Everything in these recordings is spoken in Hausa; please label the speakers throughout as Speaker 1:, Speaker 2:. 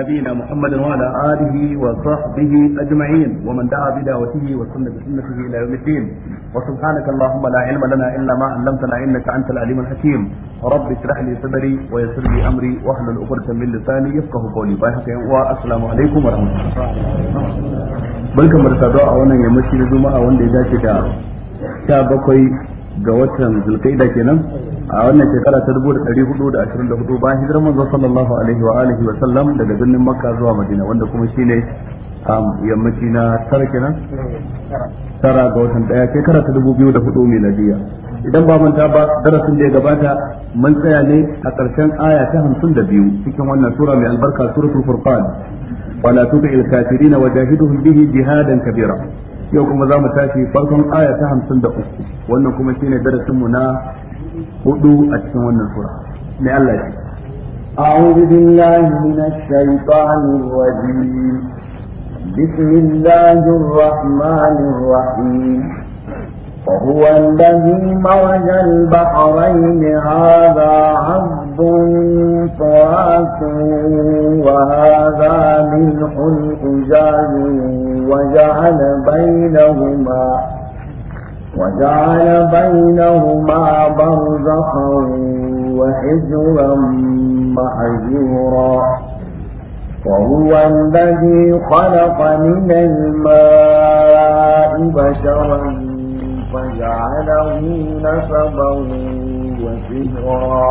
Speaker 1: نبينا محمد وعلى آله وصحبه أجمعين ومن دعا بدعوته وسن بسنته إلى يوم الدين وسبحانك اللهم لا علم لنا إلا ما علمتنا إنك أنت العليم الحكيم رب اشرح لي صدري ويسر لي أمري واحلل عقدة من لساني يفقه قولي بايحك والسلام عليكم ورحمة الله barkan mu da saduwa a wannan yammaci na juma'a wanda ya dace da 17 ga watan zulkaida kenan a wannan shekara ta dubu da ɗari hudu da ashirin da hudu bayan hijirar manzo sallallahu alaihi wa alihi wa sallam daga birnin makka zuwa madina wanda kuma shine yammaci na tara kenan tara ga watan daya shekara ta dubu biyu da hudu miladiya idan ba manta ba darasin da ya gabata mun tsaya ne a ƙarshen aya ta hamsin da biyu cikin wannan sura mai albarka suratul furqan wala tuti'il kafirina wajahiduhum bihi jihadan kabira yau kuma za mu tashi farkon aya ta hamsin da uku wannan kuma shine darasinmu na hudu a cikin wannan sura
Speaker 2: mai Allah ya أعوذ بالله من الشيطان الرجيم بسم الله الرحمن الرحيم وهو الذي مرج البحرين هذا عبد فرات وهذا ملح أجاج وجعل بينهما وجعل بينهما برزخا وحجرا محجورا وهو الذي خلق من الماء بشرا فجعله نسبا وسجرا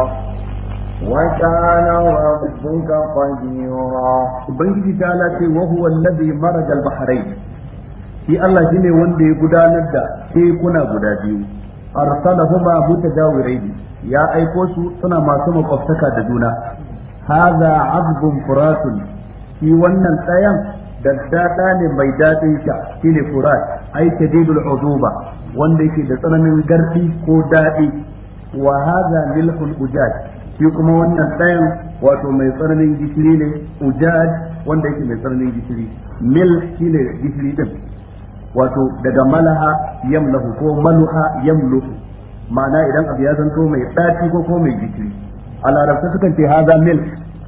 Speaker 2: وكان ربك قديرا
Speaker 1: وبنجي ذلك وهو الذي مرج البحرين shi Allah shine wanda ya gudanar da tekuna guda biyu arsalahuma mutajawiraini ya aiko su suna masu makwabtaka da juna hadha azbun furatun shi wannan tsayan daddada ne mai daɗin sha ne furat ai shadidul uzuba wanda yake da tsananin garfi ko daɗi wa hadha milhul ujaj shi kuma wannan tsayan wato mai tsananin gishiri ne ujaj wanda yake mai tsananin gishiri mil ne gishiri din wato daga malaha yamlahu ko maluha yamluhu ma'ana idan abu ya zanto mai tsafi ko ko mai jikiri a larabta sukan ce haza milk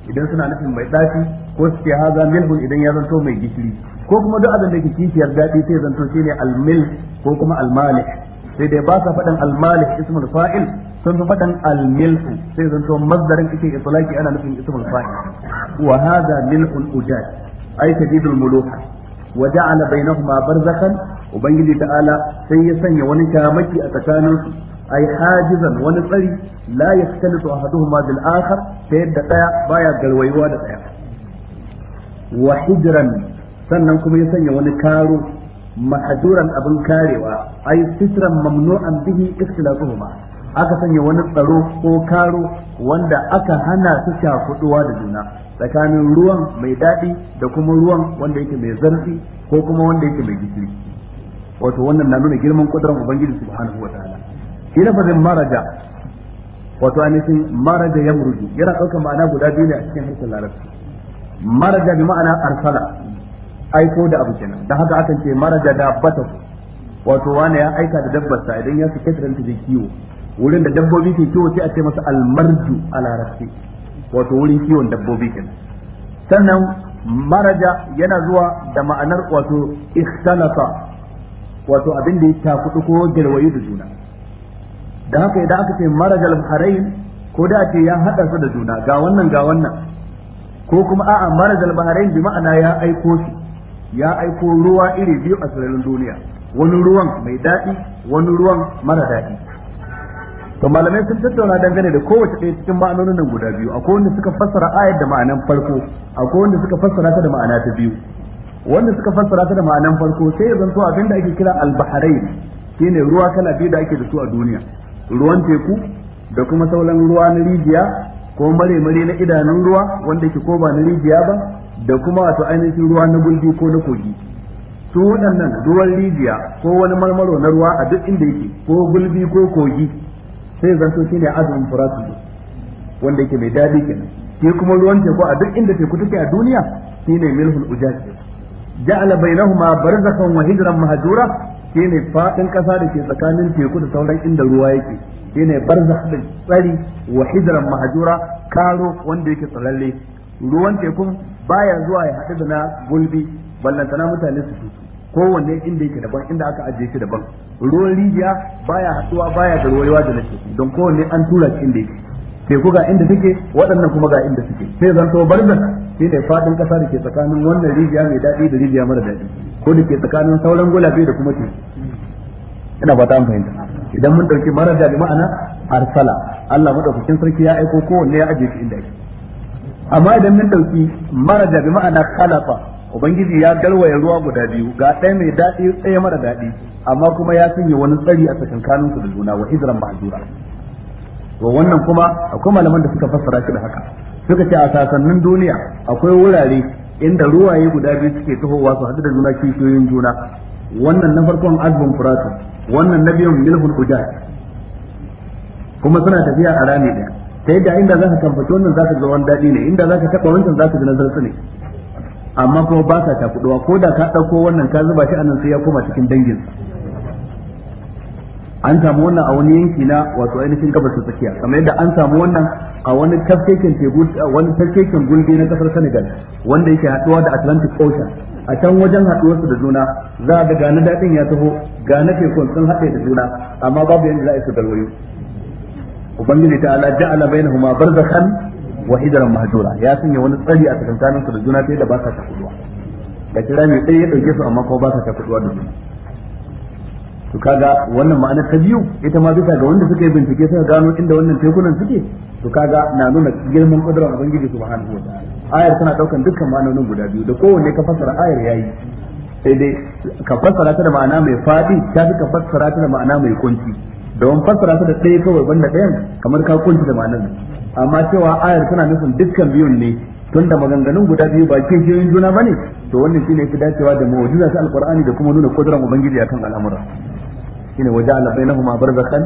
Speaker 1: idan suna nufin mai tsafi ko su ce haza milhun idan ya zanto mai gishiri ko kuma duk abin da ke kishiyar daɗi sai zanto shi ne almilk ko kuma almalik sai dai ba sa faɗin almalik ismul fa'il sun fi faɗin almilhu sai zanto mazdarin ake itlaki ana nufin ismul fa'il wa haza milhun ujad ay tadidul muluha wa ja'ala bainahuma barzakhan ubangiji ta'ala sai ya sanya wani kamaki a tsakanin su ay hajizan wani tsari la yaktalitu ahaduhuma bil akhar ta yadda daya baya garwayuwa da ɗaya. wa hijran sannan kuma ya sanya wani karo mahduran abin karewa ay sitran mamnu'an bihi ikhtilafuhuma aka sanya wani tsaro ko karo wanda aka hana su shafuduwa da juna tsakanin ruwan mai daɗi da kuma ruwan wanda yake mai zarfi ko kuma wanda yake mai gishiri wato wannan na nuna girman kudurar ubangiji subhanahu wa ta'ala shi lafazin maraja wato ainihin maraja ya murju yana ɗaukar ma'ana guda biyu ne a cikin harshen larabci maraja bi ma'ana arsala aiko da abu kenan da haka akan ce maraja da batahu wato wani ya aika da dabbarsa idan ya sake ta kiwo wurin da dabbobi ke kiwo sai a ce masa almarju a larabci wato wurin kiwon dabbobi ke sannan maraja yana zuwa da ma'anar wato ikhtalafa wato abin da ya takudu ko girwayi da juna da haka idan aka ce marajal harain ko da ce ya hada su da juna ga wannan ga wannan ko kuma a'a marajal bahrain bi ma'ana ya aiko shi ya aiko ruwa iri biyu a sararin duniya wani ruwan mai daɗi wani ruwan mara daɗi to malamai sun tattauna dangane da kowace ɗaya cikin ma'anonin nan guda biyu akwai wanda suka fassara ayar da ma'anan farko akwai wanda suka fassara ta da ma'ana ta biyu wanda suka fassara ta da ma'anan farko sai ya zanto abin da ake kira al-bahrain shine ruwa kala biyu da ake da su a duniya ruwan teku da kuma sauran ruwa na rijiya ko mare-mare na idanun ruwa wanda ke ko ba na rijiya ba da kuma wato ainihin ruwa na gulbi ko na kogi su waɗannan ruwan rijiya ko wani marmaro na ruwa a duk inda yake ko gulbi ko kogi sai zanto ne azumin furatu wanda yake mai dadi kenan shi kuma ruwan teku a duk inda teku take a duniya shine milhul ujaj ja'ala bainahuma barzakhan wa hijran mahjura shine fadin kasa da ke tsakanin teku da sauran inda ruwa yake shine barzakh din tsari wa hijran mahjura karo wanda yake tsaralle ruwan tekun baya zuwa ya haɗu da na gulbi ballantana mutane su tutu kowanne inda yake daban inda aka ajiye shi daban ruwan rijiya baya haɗuwa baya da ruwaiwa da nake don kowanne an tura shi inda yake ku ga inda suke waɗannan kuma ga inda suke sai zan to barzan shi ne faɗin ƙasa da ke tsakanin wannan rijiya mai daɗi da rijiya mara daɗi ko da ke tsakanin sauran gulafi da kuma teku ina fata an fahimta idan mun ɗauki mara daɗi ma'ana arsala Allah madaukakin sarki ya aiko kowanne ya ajiye shi inda yake amma idan mun ɗauki mara daɗi ma'ana kalafa. ubangiji ya garwaya ruwa guda biyu ga ɗaya mai daɗi ɗaya mara daɗi amma kuma ya sanya wani tsari a tsakankanin su da juna wa hijran ma'zura to wannan kuma akwai malaman da suka fassara shi da haka suka ce a sasannin duniya akwai wurare inda ruwaye guda biyu suke tahowa su haɗu da juna kishiyoyin juna wannan na farkon azbun furatu wannan na biyun milhul ujaj kuma suna tafiya a rami ɗaya ta yadda inda za ka kamfaci wannan za ka ga wani daɗi ne inda za ka taɓa wancan za ka ji nazarsu ne amma kuma ba sa takuduwa ko da ka dauko wannan ka zuba shi anan sai ya koma cikin dangin an samu wannan a wani yanki na wato ainihin gabas tsakiya kamar yadda an samu wannan a wani tafkekin teku wani tafkekin gulbi na kasar Senegal wanda yake haɗuwa da Atlantic Ocean a can wajen haduwar su da juna za ga gane daɗin ya taho gane tekun sun haɗe da juna amma babu yanda za a yi su dalwayo ubangiji ta ala ja'ala bainahuma barzakhan wa hijiran mahjura ya sanya wani tsari a tsakankanin su da juna sai da ba sa takuduwa da kira mai ɗaya ya ɗauke su amma kuma ba sa takuduwa da juna to kaga wannan ma'ana ta biyu ita ma bisa ga wanda suka yi bincike suka gano inda wannan tekunan suke to kaga na nuna girman kudurar ubangiji subhanahu wataala ayar tana daukan dukkan ma'anonin guda biyu da kowanne ka fassara ayar yayi sai dai ka fassara ta da ma'ana mai fadi ta fi ka fassara ta da ma'ana mai kunci don fassara su da ɗaya kawai banda ɗayan kamar ka kunta da ma'anar amma cewa ayar tana nufin dukkan biyun ne tun da maganganun guda biyu ba kin shirin juna ba ne to wannan ne fi dacewa da mawajiza ta alkur'ani da kuma nuna kudurar ubangiji kan al'amura shine waja'ala bainahuma barzakhan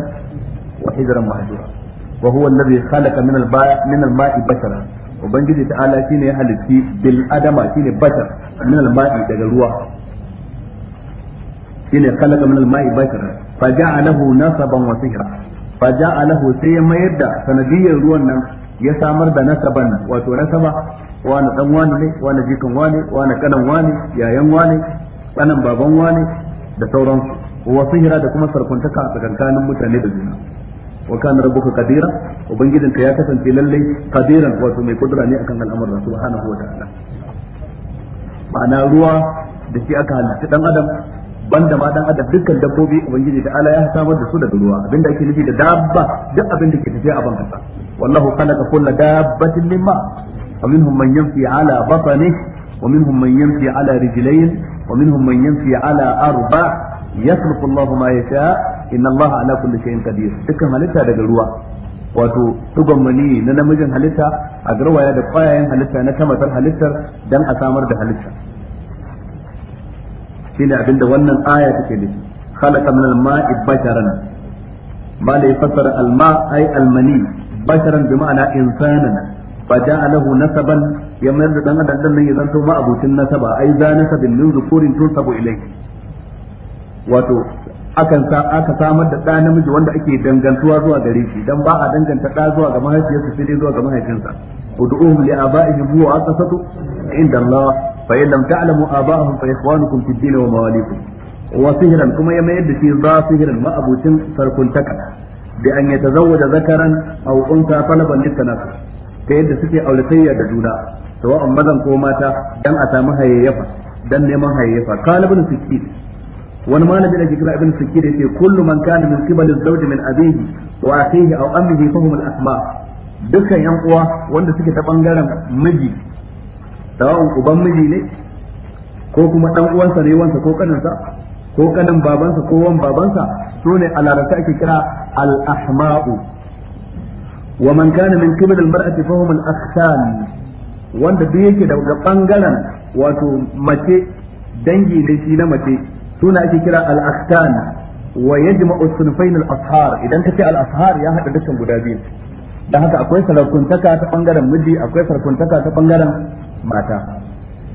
Speaker 1: wa hijran mahjura wa hijiran alladhi wa huwa al halaka min alma'i bashara basharan ubangiji ta'ala shi ne halitti bil adama ne bashar min alma'i daga ruwa shine halaka min alma'i bashara faja'alahu nasaban wa sihra faja'alahu sai ya mayar da sanadiyar ruwan nan ya samar da nasaban wato nasaba wani dan wani ne wani jikan wani wani kanan wani yayan wani kanan baban wani da sauransu wa sihra da kuma sarkuntaka a tsakanin mutane da juna wa kana rabbuka qadira ka ya kasance lallai qadiran wato mai kudura ne akan al'amuran subhanahu wa ta'ala ma'ana ruwa da shi aka halitta dan adam banda ma dan adam dukkan dabbobi ubangiji da ala ya samar da su daga ruwa abinda ake nufi da dabba duk abin da ke tafiya a bankasa wallahu khalaqa kulla dabbatin mimma ومنهم من يمشي على بطنه ومنهم من يمشي على رجلين ومنهم من يمشي على أربع يخلق الله ما يشاء إن الله على كل شيء قدير تكن halitta daga ruwa wato tugon mani na namijin halitta a garwaya da kwayayen halitta na kamatar halittar dan a samar da halitta shine abinda wannan aya take da shi khalaqa min al-ma'i basharan ba da yafassara al-ma ay al-mani basharan bi ma'ana insanan fa ja'alahu nasaban ya mayar da dan adam nan ya zanto ma abutin nasaba ai za nasabin min zukurin tunsabu ilayhi wato akan sa aka samar da ɗa namiji wanda ake dangantuwa zuwa gare shi dan ba a danganta ɗa zuwa ga mahaifiyarsa sai dai zuwa ga mahaifinsa ud'uhum li abaihim huwa aqsatu inda Allah فإن لم تعلموا آباءهم فإخوانكم في الدين ومواليكم وصهرا كما يميد في ذا صهرا ما أبو سن فركنتك بأن يتزوج ذكرا أو أنثى طلبا للتنافس كيد سكي أو لسيا دجونا سواء مدن كوماتا دم أتامها يفا دم نمها يفا قال ابن سكين wani malami da kira ibn sikir yace kullu man kana min qibali az-zawj min abihi wa akhihi aw ammihi fahum al-asma dukkan yan uwa wanda suke ta bangaren miji sawa'un uban miji ne ko kuma dan uwansa ne wansa ko kaninsa ko kanin babansa ko wan babansa Su ne a larabta ake kira al-ahma'u wa man kana min qibal al-mar'ati fa hum al-akhsan wanda duk yake daga bangaren wato mace dangi ne shi na mace suna ake kira al-akhsan wa yajma'u sunfayn al-ashar idan kace al-ashar ya hada dukkan guda biyu dan haka akwai sarakuntaka ta bangaren miji akwai sarakuntaka ta bangaren mata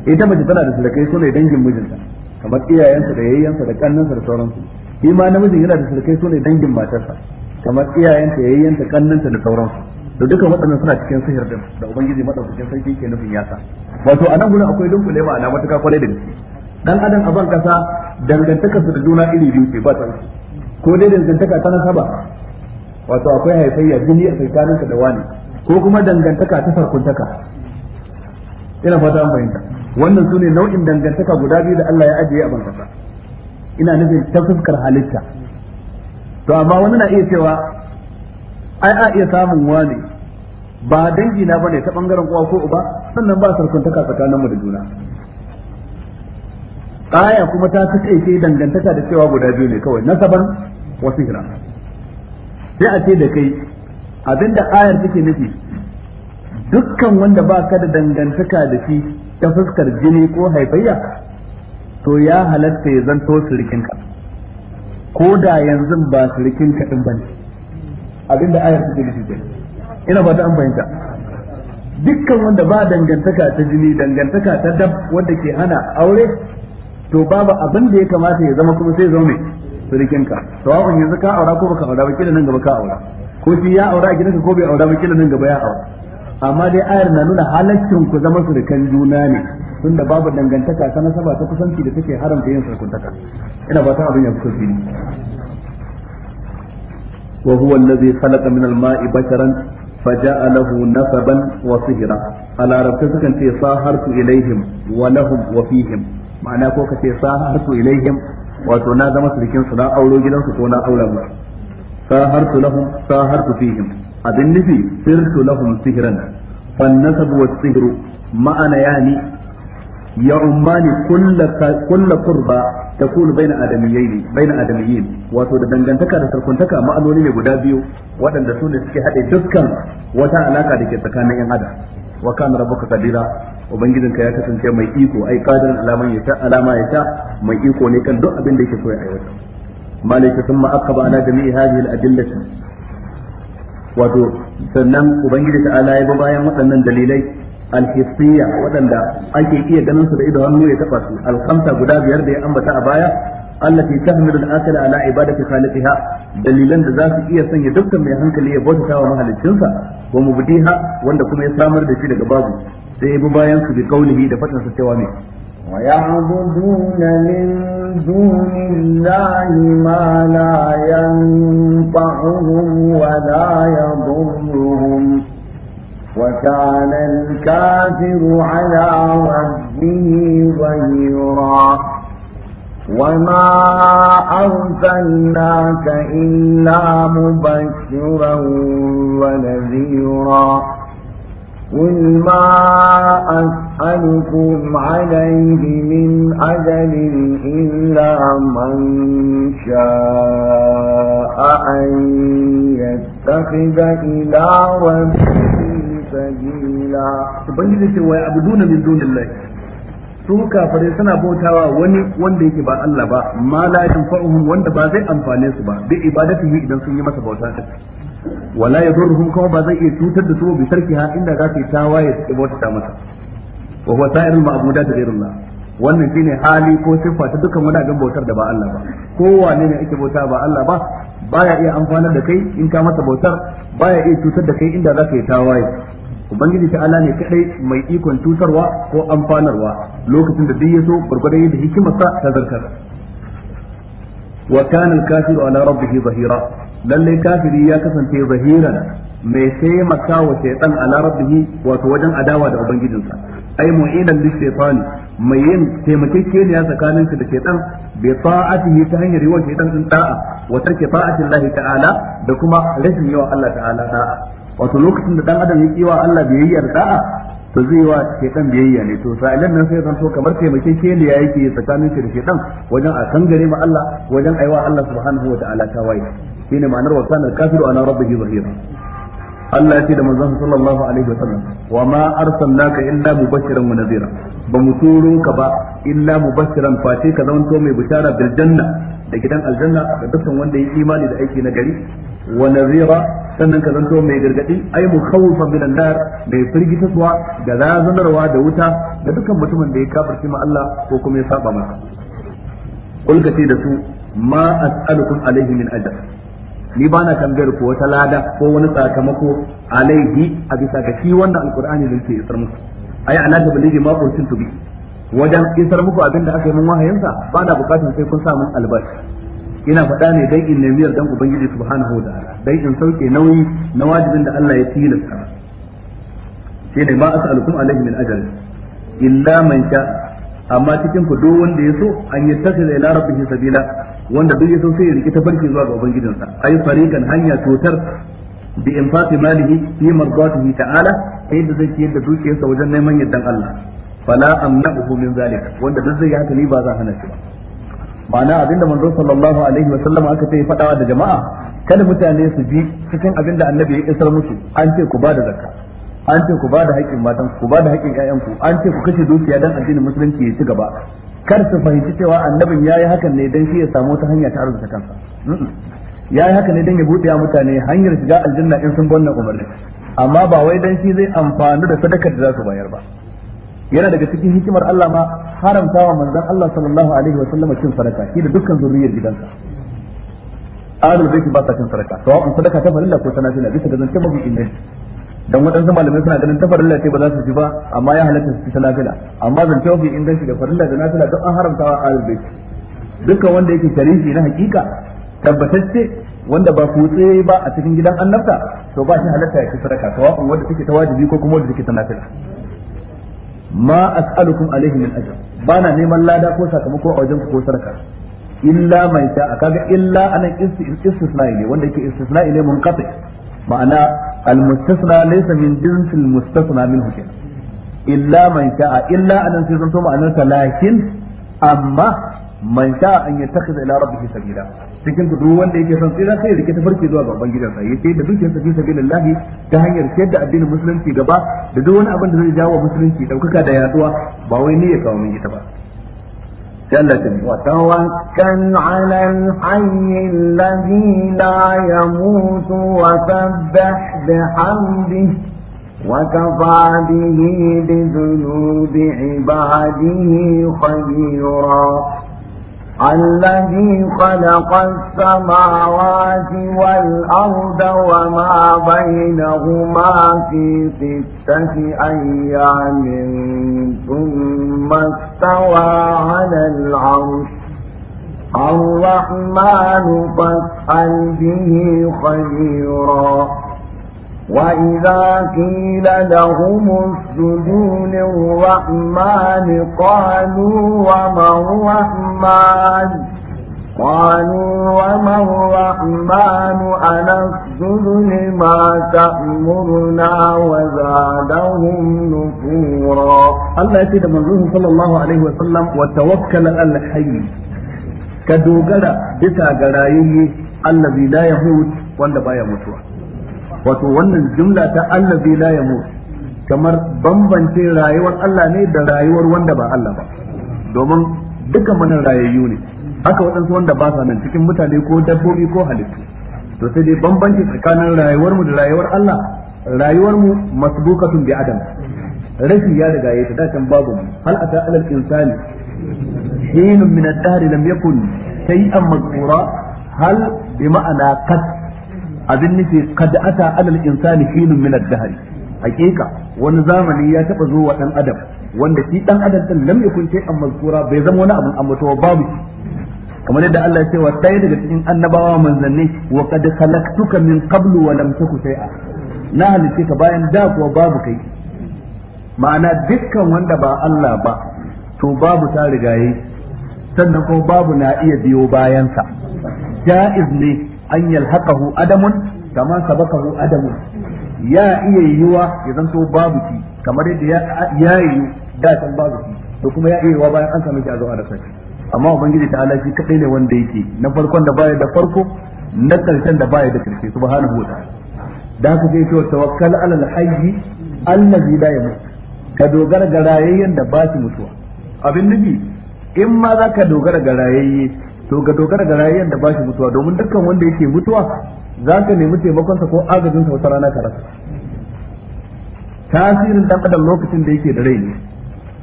Speaker 1: ita mace tana da sadakai sune dangin mijinta kamar iyayensa da yayyensa da kannansa da sauransu shi ma namijin yana da sadakai sune dangin matarsa kamar iyayensa yayyensa, kannansa da sauransu Da duka waɗannan suna cikin sihir din da ubangiji madaukakin sarki ke nufin yasa wato a nan gurin akwai dunkule ma'ana matuƙa kwarai da gaske dan adam a ban kasa dangantakarsa da juna iri biyu ce ba tsarki ko dai dangantaka ta nasaba wato akwai haifayya jini a tsakaninka da wani ko kuma dangantaka ta sarkuntaka? ina fata an bayyana wannan sune nau'in dangantaka guda biyu da Allah ya ajiye a bankasa ina nufin ta fuskar halitta to amma wani na iya cewa ai a iya samun wani ba dangi na bane ta bangaren uwa ko uba sannan ba sarkuntaka tsakanin mu da juna aya kuma ta taƙaice dangantaka da cewa guda biyu ne kawai nasaban wasu hira sai a ce da kai abinda ayar take nufi dukkan wanda ba ka da dangantaka da shi ta fuskar jini ko haifayya to ya halatta ya zanto surikinka ko da yanzu ba surikinka din bane abinda ayar take nufi kenan ina ba ta an fahimta dukkan wanda ba dangantaka ta jini dangantaka ta dab wanda ke hana aure to babu abin da ya kamata ya zama kuma sai zo mai surikinka sawa'un yanzu ka aura ko baka aura ba kila nan gaba ka aura ko shi ya aura a gidanka ko bai aura ba kila nan gaba ya aura amma dai ayar na nuna halaccin ku zama surukan juna ne tunda babu dangantaka ta nasaba ta kusanci da take haramta yin surkuntaka ina ba ta abin ya fi kusanci wa huwa allazi khalaqa min al-ma'i basharan faja'alahu nasaban wa sihra ala rabbi sukan ce sahartu ilaihim wa lahum wa fihim ma'ana ko ka ce sahartu ilaihim wato na zama surukin su na auro gidansu ko na aura musu sahartu lahum sahartu fihim abin nufi sirtu lahum sihran fan nasabu was sihru ma'ana yani ya ummani kulla kurba ta kunu bai na adamiyyin wato da dangantaka da sarkuntaka ma'anoni ne guda biyu waɗanda su ne suke haɗe dukkan wata alaka da ke tsakanin yan adam wa kana rabbuka qadira ubangijinka ya kasance mai iko ai qadirin alaman ya ta alama ya ta mai iko ne kan duk abin da yake so ya aiwata malaka thumma aqaba ala jami'i hadhihi al-adillati wato sannan ubangiji ta ala ya bayan waɗannan dalilai alhissiyya waɗanda ake iya ganin su da ido hannu ya taɓa su alhamsa guda biyar da ya ambata a baya Allah tahmilu al-akala ala ibadati khaliqiha dalilan da za su iya sanya dukkan mai hankali ya bauta wa sa wa mubdiha wanda kuma ya samar da shi daga babu sai ya bi bayan su bi kaulihi da fatansa cewa ne
Speaker 2: ويعبدون من دون الله ما لا ينفعهم ولا يضرهم وكان الكافر على ربه ظهيرا وما أرسلناك إلا مبشرا ونذيرا قل ما أس أسألكم عليه من أجل إلا من شاء أن يتخذ إلى ربه سبيلا ubangiji ce wa من
Speaker 1: دون الله su kafare suna bautawa wani wanda yake ba Allah ba ma la yanfa'uhum wanda ba zai amfane su ba bi ibadatihi idan sun yi masa bauta wala yadurruhum kuma ba zai iya cutar da su bi sarkiha inda za su yi tawaye su bauta masa wa huwa sa'irul ma'budat ghayrullah wannan shine hali ko siffa ta dukkan wani abin bautar da ba Allah ba kowane ne ake bauta ba Allah ba baya iya amfanar da kai in ka masa bautar baya iya cutar da kai inda za ka yi tawaye ubangiji ta ala ne kadai mai ikon cutarwa ko amfanarwa lokacin da duk ya so gurgurdan yadda hikimarsa ta zarkar wa kana al-kafiru ala rabbih zahira Lallai kafiri ya kasance zahiran mai taimaka wa shaytan ala rabbihi wato wajen adawa da ubangijinsa ai mu'inan li shaytan mai yin taimakekeniya tsakanin shi da shaytan bi ta'atihi ta hanyar yawan shaytan din da'a wa tarki ta'ati Allah ta'ala da kuma rashin yawa Allah ta'ala da'a wato lokacin da dan adam ya wa Allah biyayyar da'a to zai wa shaytan biyayya ne to sa'ilan nan sai zan so kamar taimakekeniya yake tsakanin shi da shaytan wajen a kangare ma Allah wajen aiwa Allah subhanahu wa ta'ala tawaye shine ma'anar wa kana kafiru ana rabbihi zahira Allah ya ce da manzon sallallahu alaihi wa sallam wa ma arsalnaka illa mubashiran wa ba mu turunka ka ba illa mubashiran face ka zanto mai bishara bil janna da gidan aljanna ga dukkan wanda ya imani da aiki na gari wa nadhira sannan ka zanto mai gargadi ai mukhawfan min an-nar mai firgitaswa da razanarwa da wuta da dukkan mutumin da ya kafirci ma Allah ko kuma ya saba masa kulka da su ma as'alukum alaihi min ajr ni ba na tambayar ko wata lada ko wani sakamako alaihi a bisa ga shi wanda alkur'ani zai ce isar muku ai ala da balidi ma kursin tubi wajen isar muku abin da aka yi mun wahayin sa ba na bukatun sai kun sa albashi ina faɗa ne dai in nemi yardan ubangiji subhanahu wa ta'ala Dai in sauke nauyi na wajibin da Allah ya tilasta shi ne ma as'alukum alaihi min ajal illa man sha amma cikin ku duk wanda ya so an yi tasiri ila rabbihi sabila wanda duk ya so sai ya rike tafarki zuwa ga ubangijinsa ai fariqan hanya cutar bi infaqi malihi fi mardatihi ta'ala sai da zai ciyar da dukiyarsa wajen neman yardan Allah fala amnahu min zalika wanda duk zai haka ni ba za hana shi ba ma'ana abinda manzo sallallahu alaihi wa sallam aka ce fadawa da jama'a kada mutane su bi cikin abinda annabi ya isar musu an ce ku ba da zakka an ce ku ba da haƙƙin matan ku ba da haƙƙin ƴaƴan an ce ku kashe dukiya dan addinin musulunci ya ci gaba kar su fahimci cewa annabin ya yi hakan ne don shi ya samu ta hanya ta arzuta kansa Ya yi hakan ne don ya buɗe mutane hanyar shiga aljanna in sun bonna umarni amma ba wai dan shi zai amfani da sadakar da za su bayar ba yana daga cikin hikimar Allah ma wa manzon Allah sallallahu alaihi wa sallam cin sadaka shi da dukkan zuriyar gidansa ahlul baiti ba sa cin sadaka sawa'un sadaka ta farilla ko ta nafila bisa da zance mafi inganci dan waɗansu malamai suna ganin ta farilla ce ba za su ji ba amma ya halatta su ta nafila amma zan wafi in gashi da farilla da nafila duk an haramta wa ahlul bait dukkan wanda yake sharifi na hakika tabbatacce wanda ba kutse ba a cikin gidan annabta to ba shi halatta ya ci sadaka sawa'un wanda take ta wajibi ko kuma wanda take ta nafila ma as'alukum alaihi min ajr bana neman lada ko sakamako a wajen ku ko sadaka illa mai ta kaga illa anan istisna'i ne wanda yake istisna'i ne munqati ma'ana المستثنى ليس من جنس المستثنى منه شيء إلا من شاء إلا أن سيزنتو معنى لكن أما man sha an yattakhidha ila rabbih sabila cikin duk wanda yake son tsira sai rike tafarki zuwa ga ubangiji sa yake da dukiyarsa fi sabilillah ta hanyar ciyar da addinin musulunci gaba da duk wani abin da zai jawo musulunci daukaka da yaduwa ba wai ne ya kawo min ita ba
Speaker 2: وتوكل على الحي الذي لا يموت وسبح بحمده وكفى به بذنوب عباده خبيرا الذي خلق السماوات والأرض وما بينهما في ستة أيام ثم استوى على العرش الرحمن فاسأل به خبيرا وإذا قيل لهم اسجدوا للرحمن قالوا وما الرحمن قالوا وما الرحمن أنسجد لما تأمرنا وزادهم نفورا الله من منظوره صلى الله عليه وسلم وتوكل الحي كدوغرا
Speaker 1: بتا غرايه الذي لا يهود ولا بايا متوه wato wannan jumla ta Allah allazi la yamut kamar bambance rayuwar Allah ne da rayuwar wanda ba Allah ba domin duka manan rayayyu ne haka waɗansu wanda ba sa nan cikin mutane ko dabbobi ko halittu to sai dai bambanci tsakanin rayuwar mu da rayuwar Allah rayuwar mu masbukatun bi adam rashi ya riga ya ta dakan babu hal ata alal insani hinun min ad-dahr lam yakun shay'an mazkura hal bi ma'ana qad abin nufi kada ata alal insani hinun min ad-dahr hakika wani zamani ya taba zo wa dan adam wanda shi dan adam din lam yakun an mazkura bai zama wani abin ambatowa babu kamar yadda Allah ya ce wa ɗaya daga cikin annabawa manzanni wa kad khalaqtuka min qablu wa lam taku shay'a na halice ka bayan da kuwa babu kai ma'ana dukkan wanda ba Allah ba to babu ta rigaye sannan kuma babu na iya biyo bayansa ja'iz ne an yalhaqahu adamun kama sabaqahu adamun ya iya yiwa ya zanto babu shi kamar yadda ya yi da san babu shi to kuma ya iya yiwa bayan an same shi a zo a rasa amma ubangiji ta Allah shi kadai ne wanda yake na farkon da baya da farko na karshen da baya da karshe subhanahu wa ta'ala da haka sai ce tawakkal ala al-hayy allazi la yamut ka dogara ga rayayyen da ba su mutuwa abin nufi in ma za ka dogara ga rayayye to ga dogara ga rayuwar da bashi mutuwa domin dukkan wanda yake mutuwa za ka nemi sa ko agajin sa wata rana ka rasa tasirin dan adam lokacin da yake da rai ne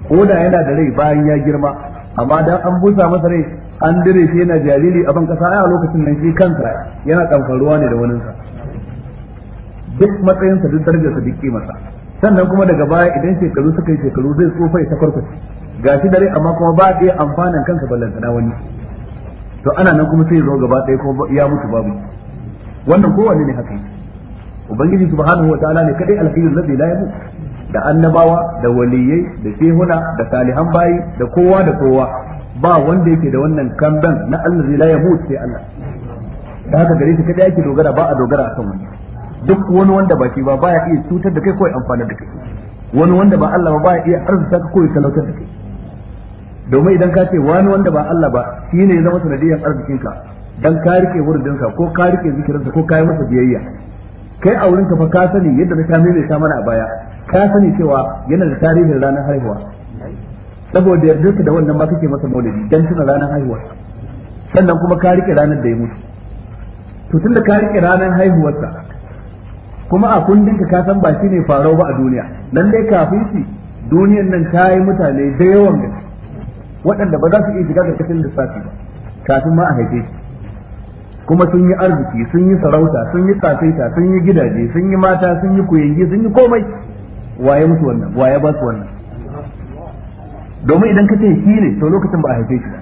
Speaker 1: ko da yana da rai bayan ya girma amma dan an busa masa rai an dire shi yana jariri a ban kasa a lokacin nan shi kansa yana kamfaruwa ne da waninsa duk sa duk darajarsa duk kimarsa sannan kuma daga baya idan shekaru suka yi shekaru zai tsofa ya ta kwarkwace gashi rai amma kuma ba a iya amfanin kansa ballantana wani to ana nan kuma sai zo gaba ɗaya ko ya mutu babu wannan kowanne ne haka ubangiji subhanahu wataala ne kadai alhayyul ladhi la yamut da annabawa da waliyai da shehuna da salihan bayi da kowa da kowa ba wanda yake da wannan kamban na allazi la yamut sai Allah da haka gare shi kadai yake dogara ba a dogara akan wani duk wani wanda ba shi ba baya iya cutar da kai ko ya amfana da kai wani wanda ba Allah ba baya iya arzuta ka ko talautar da kai domin idan ka ce wani wanda ba Allah ba shi ne ya zama arzikin ka dan ka rike wuridinsa ko ka rike zikirinsa ko ka yi masa biyayya kai a wurinka fa ka sani yadda na kame mai mana a baya ka sani cewa yana da tarihin ranar haihuwa saboda yarda da wannan ma kake masa maulidi dan tuna ranar haihuwa sannan kuma ka rike ranar da ya mutu to tunda ka rike ranar haihuwarsa kuma a kundinka ka san ba ne farau ba a duniya nan dai kafin shi duniyan nan ta yi mutane da yawan gaske waɗanda ba za su iya shiga karkashin lissafi ba kafin ma a haife su kuma sun yi arziki sun yi sarauta sun yi kasaita sun yi gidaje sun yi mata sun yi kuyangi sun yi komai waye musu wannan waye ba su wannan domin idan ka ce shi ne to lokacin ba a haife shi ba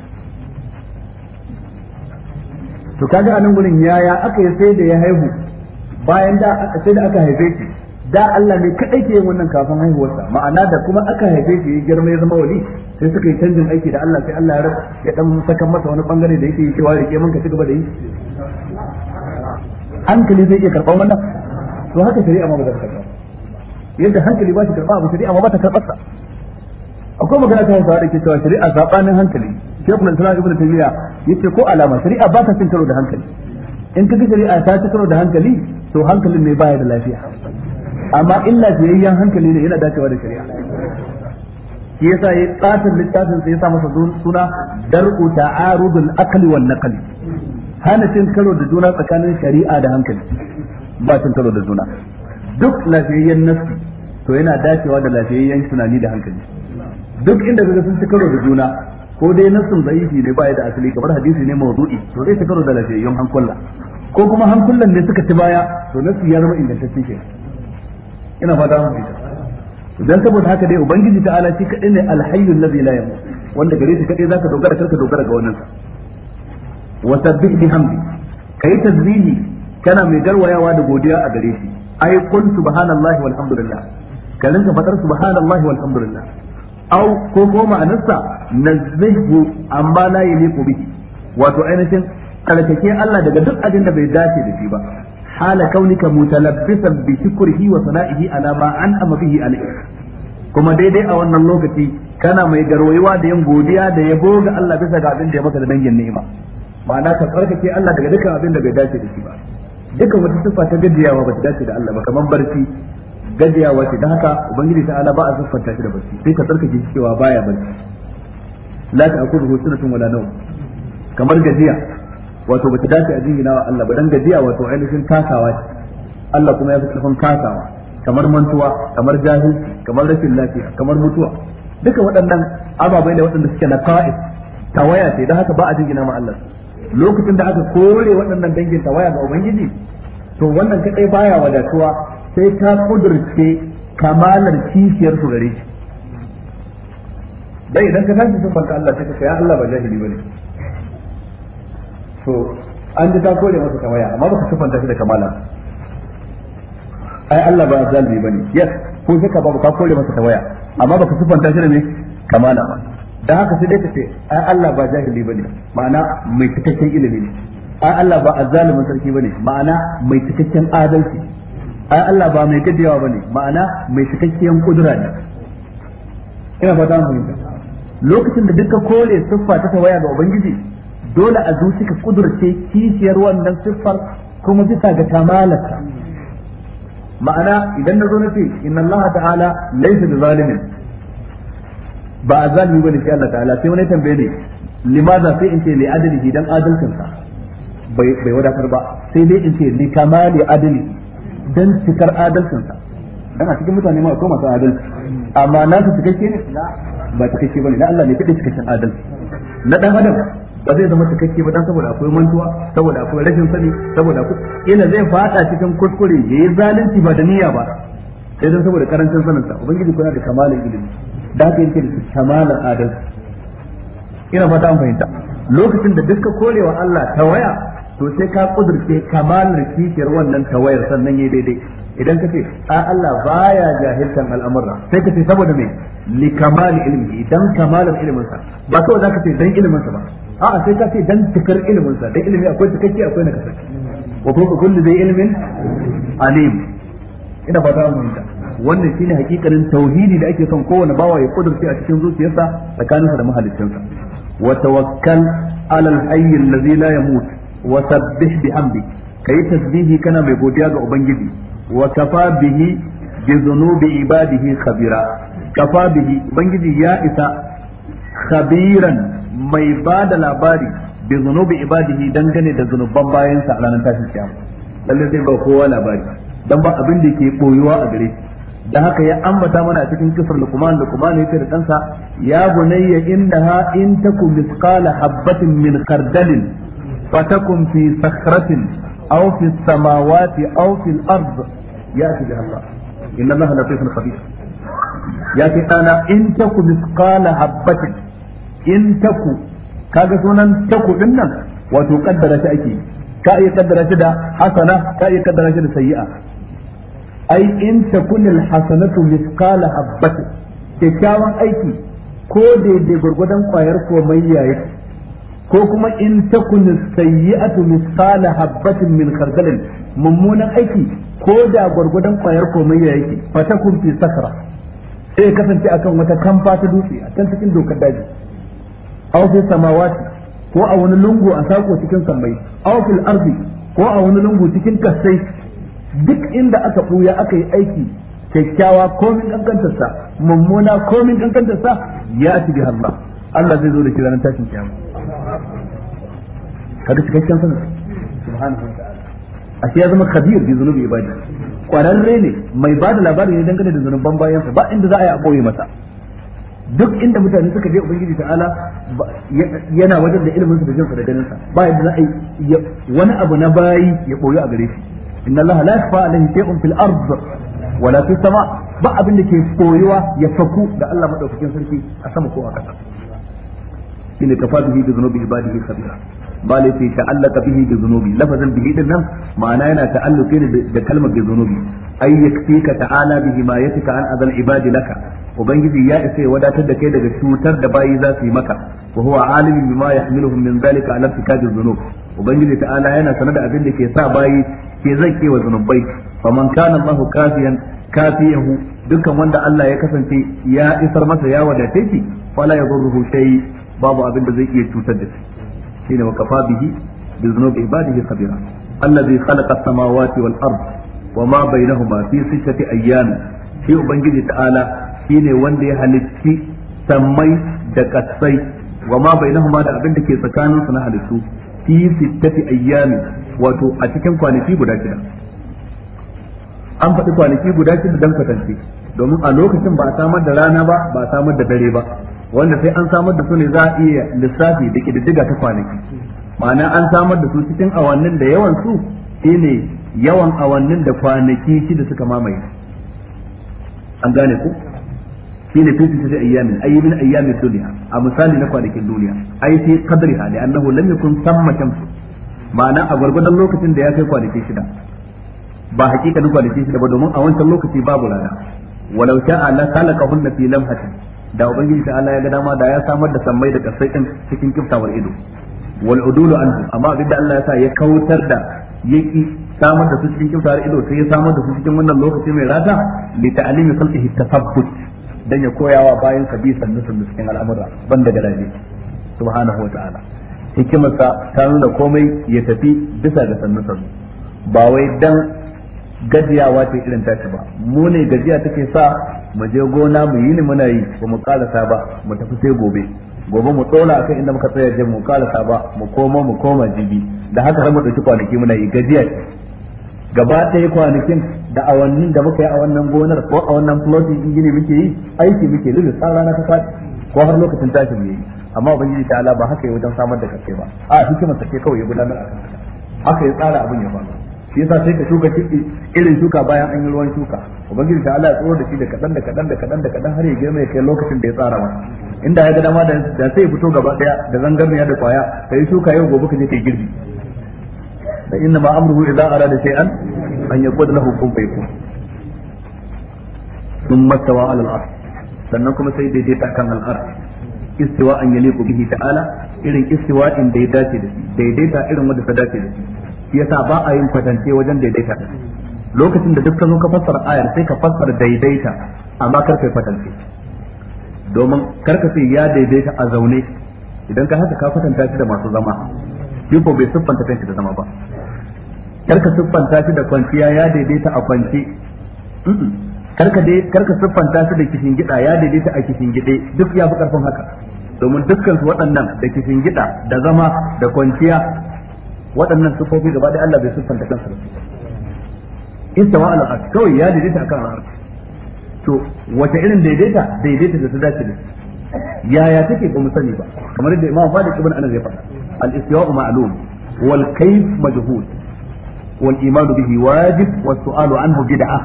Speaker 1: to kaga anan gurin yaya aka yi sai da ya haihu bayan da sai da aka haife shi da Allah ne kadai ke yin wannan kafin haihuwarsa ma'ana da kuma aka haife shi ya girma ya zama wali sai suka yi canjin aiki da Allah sai Allah ya ya dan saka masa wani bangare da yake yi cewa rike man ka ci da yi hankali zai iya karban wannan to haka shari'a ma ba za ta karba yadda hankali ba shi karba abu shari'a ma ba ta karbarsa akwai magana ta hausa da ke cewa shari'a sabanin hankali shekul islam ibnu taymiya yace ko alama shari'a ba ta cin karo da hankali in ka kaga shari'a ta ci karo da hankali to hankalin ne baya da lafiya amma illa lafiyayyen hankali ne yana dacewa da shari'a shi yasa ya katin littafin sai ya sa masa suna dar'u ta'arudul aqli wal naqli hana cin karo da juna tsakanin shari'a da hankali ba cin karo da juna duk lafiyayyen nafsi to yana dacewa da lafiyayyen tunani da hankali duk inda kaga sun ci karo da juna ko dai nassin zaifi ne baya da asali kamar hadisi ne mawdu'i to zai ci karo da lafiyayyen hankula ko kuma hankulan ne suka ci baya to nassi ya zama ingantacce kenan ina fata mun fita dan saboda haka dai ubangiji ala shi kadai ne alhayyu allazi la wanda gare shi kadai zaka dogara karka dogara ga wannan wa Hamdi, bihamdi kai tasbihi kana mai garwayawa da godiya a gare shi ai qul subhanallahi walhamdulillah ka rinka fadar subhanallahi walhamdulillah au ko ko ma'anarsa nazzihu amma la yaliqu bihi wato ainihin tsarkake Allah daga duk abin da bai dace da shi ba حال كونك متلبسا بشكره وثنائه على ما أنعم به عليك kuma daidai a wannan lokaci kana mai garwaiwa da yin godiya da yabo ga Allah bisa ga abin da ya maka da dangin ni'ima ma'ana ka tsarkake Allah daga dukkan abin da bai dace da shi ba dukkan wata siffa ta gajiyawa ba dace da Allah kamar barci gajiyawa ce don haka ubangiji ta ala ba a siffanta shi da barci barci wala kamar gajiya wato bata dace a jingina wa Allah ba dan gajiya wato ainihin kasawa ce Allah kuma ya fi karfin kasawa kamar mantuwa kamar jahilci kamar rashin lafiya kamar mutuwa duka waɗannan ababai ne waɗanda suke na ta'if tawaya ce don haka ba a jingina ma Allah lokacin da aka kore waɗannan dangin tawaya ga ubangiji to wannan kadai baya wadatuwa sai ta kudurce kamalar kishiyar su gare shi dai idan ka tashi sun banka Allah sai ka ya Allah ba jahili bane to an ji ta kore masa kamaya amma baka sifanta shi da kamala ai Allah ba zalimi bane yes ko sai ka babu ka kore masa tawaya amma baka sifanta shi da me kamala ba dan haka sai dai ka ce ai Allah ba jahili bane ma'ana mai cikakken ilimi ne ai Allah ba azalimin sarki bane ma'ana mai cikakken adalci ai Allah ba mai gajiyawa bane ma'ana mai cikakken kudura ne ina fata mun lokacin da duka kore siffa ta tawaya ga ubangiji dole a zuci ka kudurce kishiyar wannan siffar kuma bisa ga kamalarka ma'ana idan na zo na ce inna Allah ta'ala laysa bi zalimin ba a zalimi bane sai Allah ta'ala sai wani tambaye ne limaza sai in ce li adalihi dan adalcinsa bai bai wadatar ba sai dai in ce li kamali adali dan cikar adalcinsa dan a cikin mutane ma akwai masu adalci amma na su cikakke ne ba cikakke bane na Allah ne kadai cikakken adalci na dan adam ba zai zama cikakke ba dan saboda akwai mantuwa saboda akwai rashin sani saboda ku ina zai fada cikin kuskure ya yi zalunci ba da niyya ba sai dan saboda karancin sanin sa ubangiji kuna da kamalin ilimi da ka yake da kamalan adalci ina fata an fahimta lokacin da duka korewa Allah tawaya to sai ka kudurce kamalar kishiyar wannan tawayar sannan yayi daidai idan ka ce a Allah baya jahiltan al'amura sai ka ce saboda me li kamali ilmi dan kamalar ilmin sa ba kawai zaka ce dan ilmin sa ba a'a sai ka ce dan cikar ilimin sa dan ilimi akwai cikakke akwai na kasance wa kuma kullu zai ilimin alim ina ba ta mun wannan shine hakikanin tauhidi da ake son kowane bawa ya kudurce a cikin zuciyarsa tsakaninsa da mahaliccinsa wa tawakkal ala al-hayy alladhi la yamut wa sabbih bihamdi kai tasbihi kana mai godiya ga ubangiji wa kafa bihi bi dhunubi ibadihi khabira kafa bihi ubangiji ya isa khabiran mai ba da labari bi zunubi ibadihi dangane da zunuban bayansa a ranar tashin kiyama lalle zai ba kowa labari dan ba abin da ke boyuwa a gare shi da haka ya ambata mana a cikin kisar lukman lukman yake da kansa ya bunayya innaha in taku misqala habatin min kardalin, fa fatakun fi sakhratin aw fi samawati aw fi al-ard ya'ti biha Allah inna Allah latifun khabir ya ce ana in taku misqala habatin in taku kaga sunan taku din nan wato kaddara shi ake ka iya kaddara shi da hasana ka iya kaddara shi da sayyi'a ai in takunil al hasanatu habbati, habati kyakkyawan aiki ko daidai gurgudan kwayar komai yayi, ko kuma in takun sayyi'atu misqala habatin min khardalin mummunan aiki ko da gurgudan kwayar komai yake fa takun fi sakra sai kasance akan wata kamfa ta dutse a can cikin dokar daji aw fi samawati ko a wani lungu a sako cikin sammai aw fil ardi ko a wani lungu cikin kasai duk inda aka buya aka yi aiki kyakkyawa komin kankantarsa mummuna komin kankantarsa ya ci bi Allah Allah zai zo da kiranin tashin kiyama kaga cikakken sanar
Speaker 3: subhanahu wa ta'ala
Speaker 1: ashe ya zama khabir bi zunubi ibadi kwararre ne mai bada labarin labari ne dangane da zunuban bayansa ba inda za a yi a koyi masa duk inda mutane suka je ubangiji ta'ala yana wajen da ilimin su da jinsa da ganin sa ba yadda za a yi wani abu na bayi ya koyo a gare shi inna allaha la yakhfa alayhi shay'un fil ard wala fis sama ba abin da ke koyuwa ya faku da Allah madaukakin sarki a sama ko a ƙasa inna kafa bihi bi dhunubi ibadihi khabira ba laifi ta'allaka bihi bi zunubi lafazin bihi din nan ma'ana yana ta'alluqi ne da kalmar bi zunubi ay yakfika ta'ala bihi ma yatika an azal ibadi laka ubangiji ya isa ya wadatar da kai daga cutar da bayi za su yi maka wa huwa alimin bima yahmiluhum min zalika ala irtikabi dhunub ubangiji ta'ala yana sanar da abin da ke sa bayi ke zai ke wa zunubai faman kana Allahu kafiyan kafiyahu dukkan wanda Allah ya kasance ya isar masa ya wadace shi fala yadurruhu shay babu abin da zai iya cutar da shi shine wa kafa bihi bi dhunubi ibadihi khabira allazi khalaqa samawati wal ard wa ma bainahuma fi sittati ayyam shi ubangiji ta'ala shine wanda ya halitti sammai da kasai wa ma bainahuma da abin da ke tsakanin su na halittu fi sittati ayyam wato a cikin kwanaki guda kida an faɗi kwanaki guda kida dan kwatance domin a lokacin ba a samar da rana ba ba a samar da dare ba wanda sai an samar da su ne za a iya lissafi da kididdiga ta kwanaki ma'ana an samar da su cikin awannin da yawan su shine yawan awannin da kwanaki shida suka mamaye an gane ku shi ne fifi sai ayyamin ayyamin ayyamin duniya a misali na kwanakin duniya ai fi ha li annahu lam yakun samma kam ma'ana a gwargwadon lokacin da ya kai kwanaki shida ba hakikanin kwanaki shida ba domin a wancan lokaci babu rana walau sha'a la hunna fi lamhatin da ubangiji ta Allah ya ga dama da ya samar da sammai da kasai din cikin kiftawar ido wal udulu anhu amma abinda Allah ya sa ya kautar da yaki samar da su cikin kiftawar ido sai ya samar da su cikin wannan lokaci mai rata li ta'limi khalqihi tasabbut dan ya koya wa bayan sabi sannu sannu cikin al'amura ban da garaje subhanahu wa ta'ala hikimarsa ta nuna komai ya tafi bisa ga sannu sannu ba wai dan gajiyawa ta irin tashi ba mu ne gajiya take sa mu je gona mu yi ni muna yi ba mu kalasa ba mu tafi sai gobe gobe mu tsora akan inda muka tsaya je mu kalasa ba mu koma mu koma jibi da haka har mu dauki kwanaki muna yi gajiya gaba yi kwanakin da awannin da muka yi a wannan gonar ko a wannan plot din gini muke yi aiki muke lulu tsara rana ta fadi ko har lokacin tashin mu yi amma ubangiji ta ala ba haka yi wajen samar da kake ba a hikimar take kawai ya gudanar a haka ya tsara abin ya faru shi yasa sai ka shuka irin shuka bayan an yi ruwan shuka ubangiji ta Allah ya tsoro da shi da kadan da kadan da kadan da kadan har ya girma ya kai lokacin da ya tsara masa inda ya ga dama da sai ya fito gaba daya da zangarniya da kwaya kai shuka yau gobe ka je kai girbi da inna ma amruhu idza arada shay'an an yaqul lahu kun fayakun thumma tawa ala al ard sannan kuma sai ta kan al ard istiwa an yaliku bihi ta'ala irin istiwa in da ya dace da shi daidaita irin wanda ta dace da shi yasa ba a yin kwatance wajen daidaita lokacin da duk ka zo ka fassara ayar sai ka fassara daidaita amma kar kai kwatance domin kar ka ya daidaita a zaune idan ka haka ka kwatanta shi da masu zama shi bai siffanta kanki da zama ba kar ka siffanta shi da kwanciya ya daidaita a kwance karka ka siffanta shi da kishin gida ya daidaita a kishin gide duk ya fi karfin haka domin dukkan su waɗannan da kishin gida da zama da kwanciya waɗannan sufofi gaba da Allah bai siffanta kansa ba istawa ala arsh kawai ya daidaita akan arsh to wace irin daidaita daidaita da ta dace da yaya take ba mu sani ba kamar yadda Imam Malik ibn Anas ya faɗa al-istiwa'u ma'lum wal kayf majhul wal iman bihi wajib was su'alu anhu bid'ah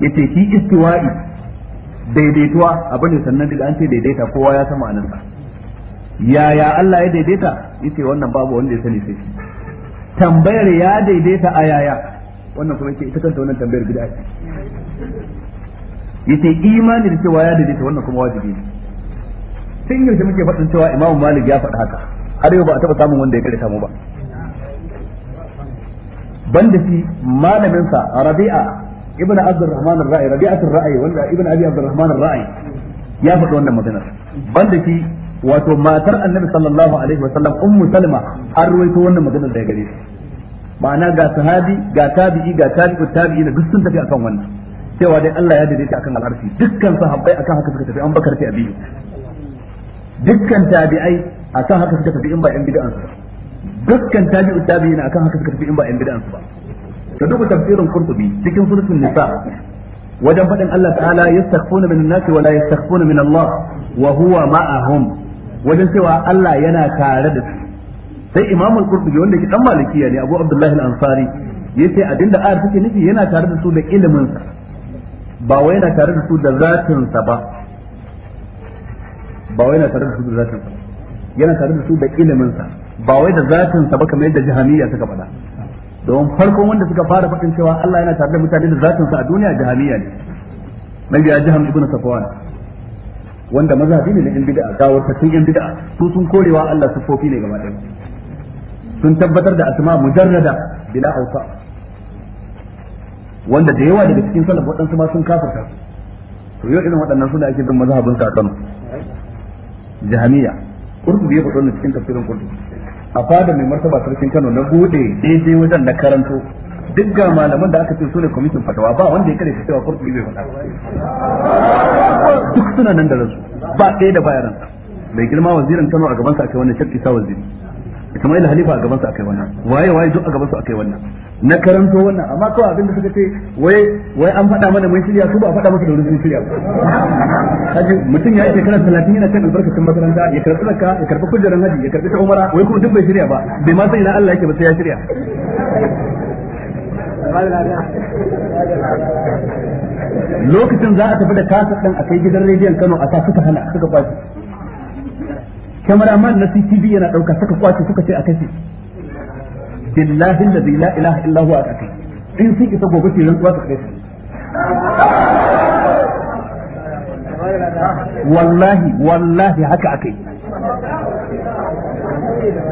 Speaker 1: yace ki istiwa'i daidaituwa abin da sannan da an ce daidaita kowa ya san ma'anarsa yaya Allah ya daidaita yace wannan babu wanda ya sani sai shi tambayar ya daidaita a yaya wannan kuma yake ita kanta wannan tambayar bid'a ce yace imani da cewa ya daidaita wannan kuma wajibi ne tun yanzu muke faɗin cewa Imam Malik ya faɗi haka har yau ba a taɓa samun wanda ya karanta mu ba banda shi malamin sa Rabi'a ibn Abdurrahman ar-Ra'i Rabi'atul Ra'i wanda ibn Abi Abdurrahman ar-Ra'i ya faɗi wannan maganar banda shi wato matar annabi sallallahu alaihi wa sallam ummu salma an ruwaito wannan maganar da ya gare shi ma'ana ga sahabi ga tabi'i ga tabi'u tabi'i da duk sun tafi akan wannan cewa dai Allah ya daidaita akan al'arshi dukkan sahabbai akan haka suka tafi an bakar ta abi dukkan tabi'ai akan haka suka tafi in ba yan bid'an su dukkan tabi'u tabi'ina akan haka suka tafi in ba yan bid'an su ba ka duba tafsirin qurtubi cikin suratul nisa wajen faɗin Allah ta'ala yastakhfuna min an-nasi wa la yastakhfuna min Allah wa huwa ma'ahum wajen cewa Allah yana tare da su sai Imam al-Qurtubi wanda ke dan malikiya ne Abu Abdullah al-Ansari yace abinda ayar take nufi yana tare da su da ilimin sa ba wai yana tare da su da zatin sa ba ba wai yana tare da su da zatin sa yana tare da su da ilimin sa ba wai da zatin sa ba kamar yadda jahamiyya suka faɗa don farkon wanda suka fara faɗin cewa Allah yana tare da mutane da zatin sa a duniya jahamiyya ne nabi ya jaham ibnu safwan wanda mazhabi ne na yan bid'a gawar ta sun yan bid'a su sun korewa Allah sufofi ne gaba ɗaya sun tabbatar da asma mujarrada bila ausa wanda da yawa daga cikin salaf waɗansu ma sun kafarta to yau irin waɗannan suna ake bin mazhabin kakan jahamiya qurtubi ya faɗo cikin tafsirin qurtubi a fada mai martaba sarkin Kano na bude daidai wajen na karanto duk ga malaman da aka ce su ne kwamitin fatawa ba wanda ya kare ka cewa kurkuri bai faɗa duk suna nan da rasu ba ɗaya da bayaran mai girma wazirin Kano a gabansa akai wannan shakki sa waziri Ismail Halifa a gabansa akai wannan waye waye duk a gabansa akai wannan na karanto wannan amma kawai abin da suka ce wai wai an faɗa mana mun shirya su ba a faɗa masa da wurin shirya ba mutum ya yi shekara talatin yana kan albarkacin makaranta ya karɓi zakka ya karɓi kujerar haji ya karɓi ta umara wai kuma duk bai shirya ba bai ma san ina Allah yake ba sai ya shirya
Speaker 3: lokacin
Speaker 1: za a tafi da kasa ɗin a kai gidan rediyon Kano a sa suka hana suka kwace kameraman na CCTV yana ɗauka suka kwace suka ce a kashe billahi allazi la ilaha illa a kai in sun isa gobe ce rantsuwa su kai. wallahi wallahi haka akai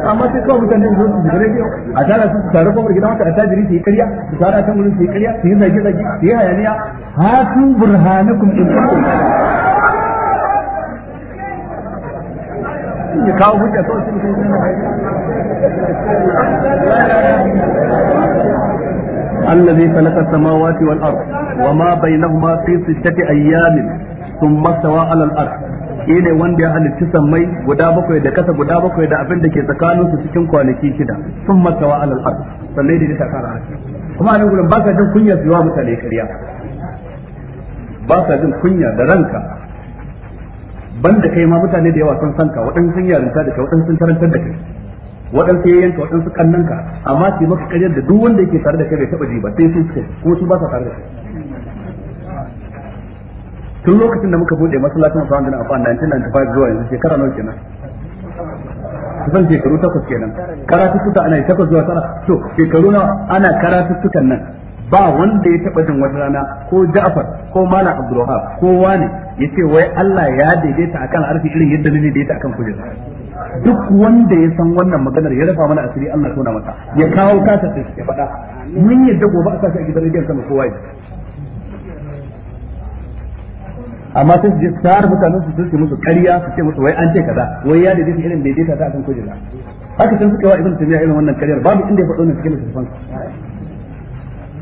Speaker 3: amma sai kawai mutane
Speaker 1: su su da rediyo a tara su tare kofar gidan wata attajiri su yi karya su tara ta wurin su yi karya su yi zage zage su yi hayaniya
Speaker 3: hatu burhanakum in kuntum ya kawo hujja kawai su mutum
Speaker 1: الذي خلق السماوات والأرض وما بينهما في ستة أيام ثم استوى على الأرض shi ne wanda ya halitta sammai guda bakwai da kasa guda bakwai da abin da ke tsakanin su cikin kwanaki shida sun wa alal ard Sallai da ta kara kuma a nan gurin ba ka jin kunya su mutane kariya ba ka jin kunya da ranka banda kai ma mutane da yawa sun sanka waɗansu sun yarinta da kai waɗansu sun tarantar da kai waɗansu ya yanka waɗansu kannanka amma sai maka karyar da duk wanda yake tare da kai bai taɓa ji ba sai su ko su ba sa tare da kai tun lokacin da muka bude masallacin Usman bin Affan 1995 zuwa yanzu shekara nawa kenan kusan shekaru takwas kenan suka ana yi takwas zuwa sana to shekaru na ana suka nan ba wanda ya taba jin wata rana ko Ja'far ko Mana Abdulwahab ko wani yace wai Allah ya daidaita akan arfi irin yadda ne daidaita akan kujera duk wanda ya san wannan maganar ya rafa mana asiri Allah tona mata ya kawo kasa ya faɗa mun yadda gobe a sa a gidan rediyon sama ko ya amma sun je tare mutanen su su musu ƙarya su ce musu wai an ce kaza wai ya da dai irin daidaita ta akan kujera haka sun suka wa ibn tabiya irin wannan ƙaryar babu inda ya faɗo ne cikin littafin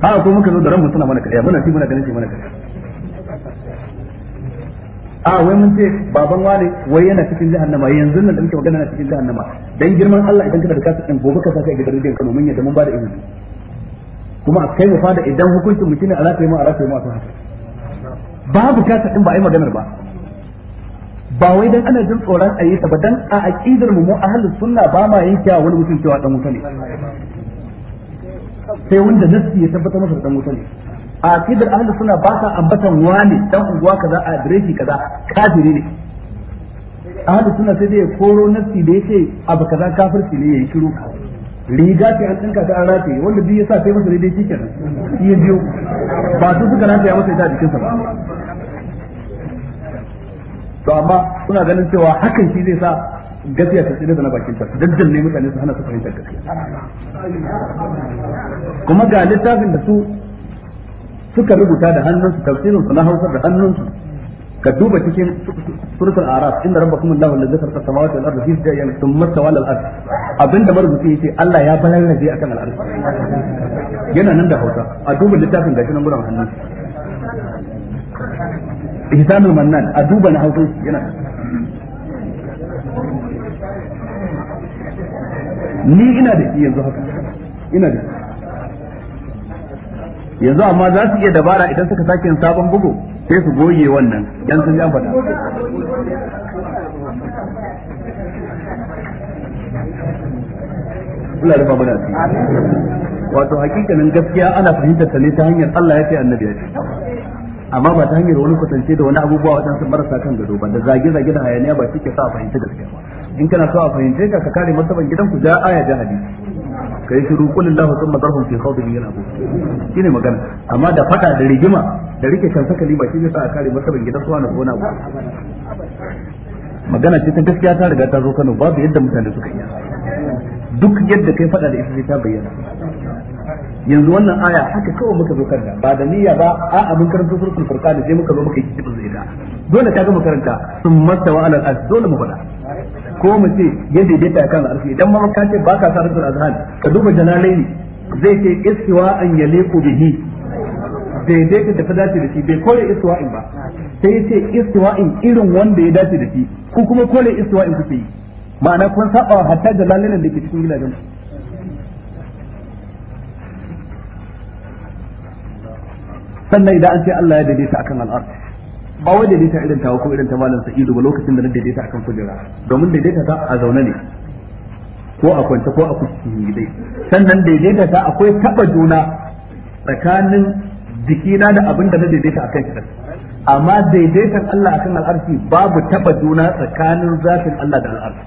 Speaker 1: ha ko muka zo da ranmu suna mana ƙarya muna ci muna ganin shi mana ƙarya a wai mun ce baban wane wai yana cikin jahannama yanzu nan da muke magana na cikin jahannama dan girman Allah idan kada da tsin gobe ka saka gidan rediyon Kano mun yadda mun ba da izini kuma a kai mu fada idan hukuncin mutune shine a rataye mu a rataye mu a haka babu kasa din ba ai maganar ba ba wai dan ana jin tsoron a yi ta ba dan a aqidar mu mu ahlus sunna ba ma kiyawa wani mutum cewa dan wuta ne sai wanda nassi ya tabbatar masa dan wuta ne a aqidar ahlus sunna ba sa ambatan wani dan unguwa kaza a direki kaza kafiri ne ahlus sunna sai dai koro nassi da yake abu kaza kafirci ne yayi shiru riga ce an tsinka ta an rataye wanda ya sa sai masa daidai shi kenan shi ya biyo ba su suka ya masa ita a jikinsa ba to amma suna ganin cewa hakan shi zai sa gaskiya ta tsira da na bakin ta dajjal ne mutane su hana su fahimtar gaskiya kuma ga littafin da su suka rubuta da hannunsu tafsirin su na Hausa da hannunsu ka duba cikin suratul araf inda rabbakum allahu allazi khalaqa samawati wal ardi fi sittin thumma tawalla al arsh abinda marubuci yace Allah ya balarraje akan al arsh yana nan da Hausa a duba littafin da shi nan gurin hannunsu
Speaker 3: ihsanul mannan a duba na hausa yana ni ina da
Speaker 1: shi yanzu haka ina da yanzu amma za su iya dabara idan suka sake yin sabon bugu sai su goge wannan yan sun jan fada Allah rufa mana wato hakikanin gaskiya ana fahimtar ta ne ta hanyar Allah ya ce annabi ya ce amma ba ta hanyar wani kwatance da wani abubuwa waɗansu marasa kan gado ba da zage-zage da hayaniya ba shi ke sa a fahimci gaskiya ba in kana so a fahimce ka ka kare martaban gidan ku ja aya da hadisi kai shiru kulillahu thumma zarhum fi khawdin yana bu shine magana amma da fata da rigima da rike kan saka lima shi ne sa a kare martaban gidan su wani ko na magana ce ta gaskiya ta riga ta zo Kano babu yadda mutane suka yi duk yadda kai fada da ita ta bayyana yanzu wannan aya haka kawai muka zo karanta ba da niyya ba a abin karanta surkul furqan sai muka zo muka yi zai zaida dole ka ga mu karanta sun wa alal az dole mu faɗa ko mu ce ya daidaita kan arshi idan ma ka ce ba ka sa rasul azhan ka duba janalaini zai ce istiwa an yaliqu bihi daidaita da tafi dace da shi bai kore istiwa in ba sai ya ce istiwa in irin wanda ya dace da shi ko kuma kore istiwa in kuke yi ma'ana kun saba hatta jalalainin da ke cikin gidajen ku sannan idan an ce Allah ya daidaita akan al'arsh ba wai daidaita irin tawa ko irin ta malam sa'idu ba lokacin da na daidaita akan kujera domin daidaita ta a zaune ne ko a kwance ko a kuskure dai sannan daidaita ta akwai taba juna tsakanin jikina da abin da na daidaita akan shi amma daidaita Allah akan al'arshi babu taba juna tsakanin zafin Allah da al'arshi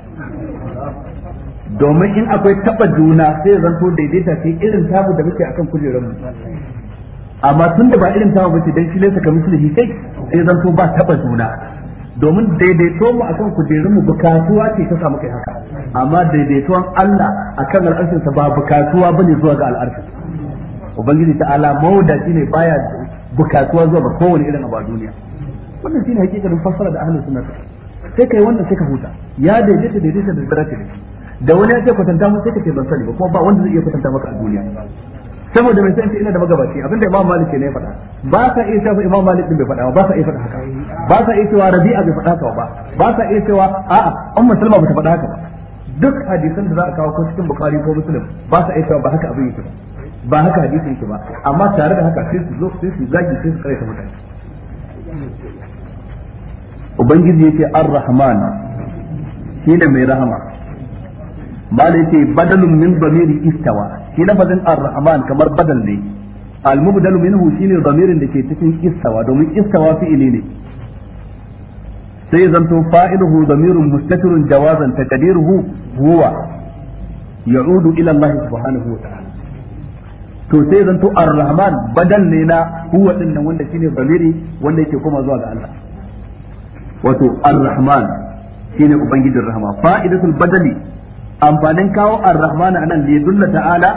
Speaker 1: domin in akwai taba juna sai zanto daidaita ce irin tabu da muke akan kujerar mu amma tun da ba irin tawa bace dan shi laysa kamislihi kai sai so ba taba juna domin daidaito mu akan jeri mu bukatuwa ce ta samu kai haka amma daidaituwan Allah akan al'arshin sa ba bukatuwa bane zuwa ga al'arshin ubangiji ta'ala mauda shine baya bukatuwa zuwa ga kowane irin abu a duniya wannan shine hakikatin fassara da ahlus sunna sai kai wannan sai ka huta ya daidaita daidaita da zarata da wani ya ce kwatanta mu sai ka ce ban sani ba kuma ba wanda zai iya kwatanta maka a duniya saboda mai sai ina da magabaci abin da Imam Malik ne ya faɗa ba sa iya cewa Imam Malik din bai faɗa ba sa iya faɗa haka ba sa iya cewa Rabi'a bai faɗa haka ba ba sa iya cewa a'a Ummu Salma bata faɗa haka ba duk hadisan da za a kawo ko cikin Bukhari ko Muslim ba sa iya cewa ba haka abin yake ba ba haka hadisin yake ba amma tare da haka sai su zo sai su zagi sai su kare ta mutane ubangiji yake ar-rahman shine mai rahama Malik yake badalun min bamiri istawa shi lafazin ar-rahman kamar badal ne al-mubdalu minhu shine zamirin da ke cikin istawa domin istawa fi'ili ne sai zanto fa'iluhu zamirun mustatirun jawazan taqdiruhu huwa ya'udu ila Allah subhanahu wa ta'ala to sai zanto ar-rahman badal ne na huwa din nan wanda shine zamiri wanda yake kuma zuwa ga Allah wato ar-rahman shine ubangijin rahama fa'idatul badali amfanin kawo ar-rahman anan li yadulla ta'ala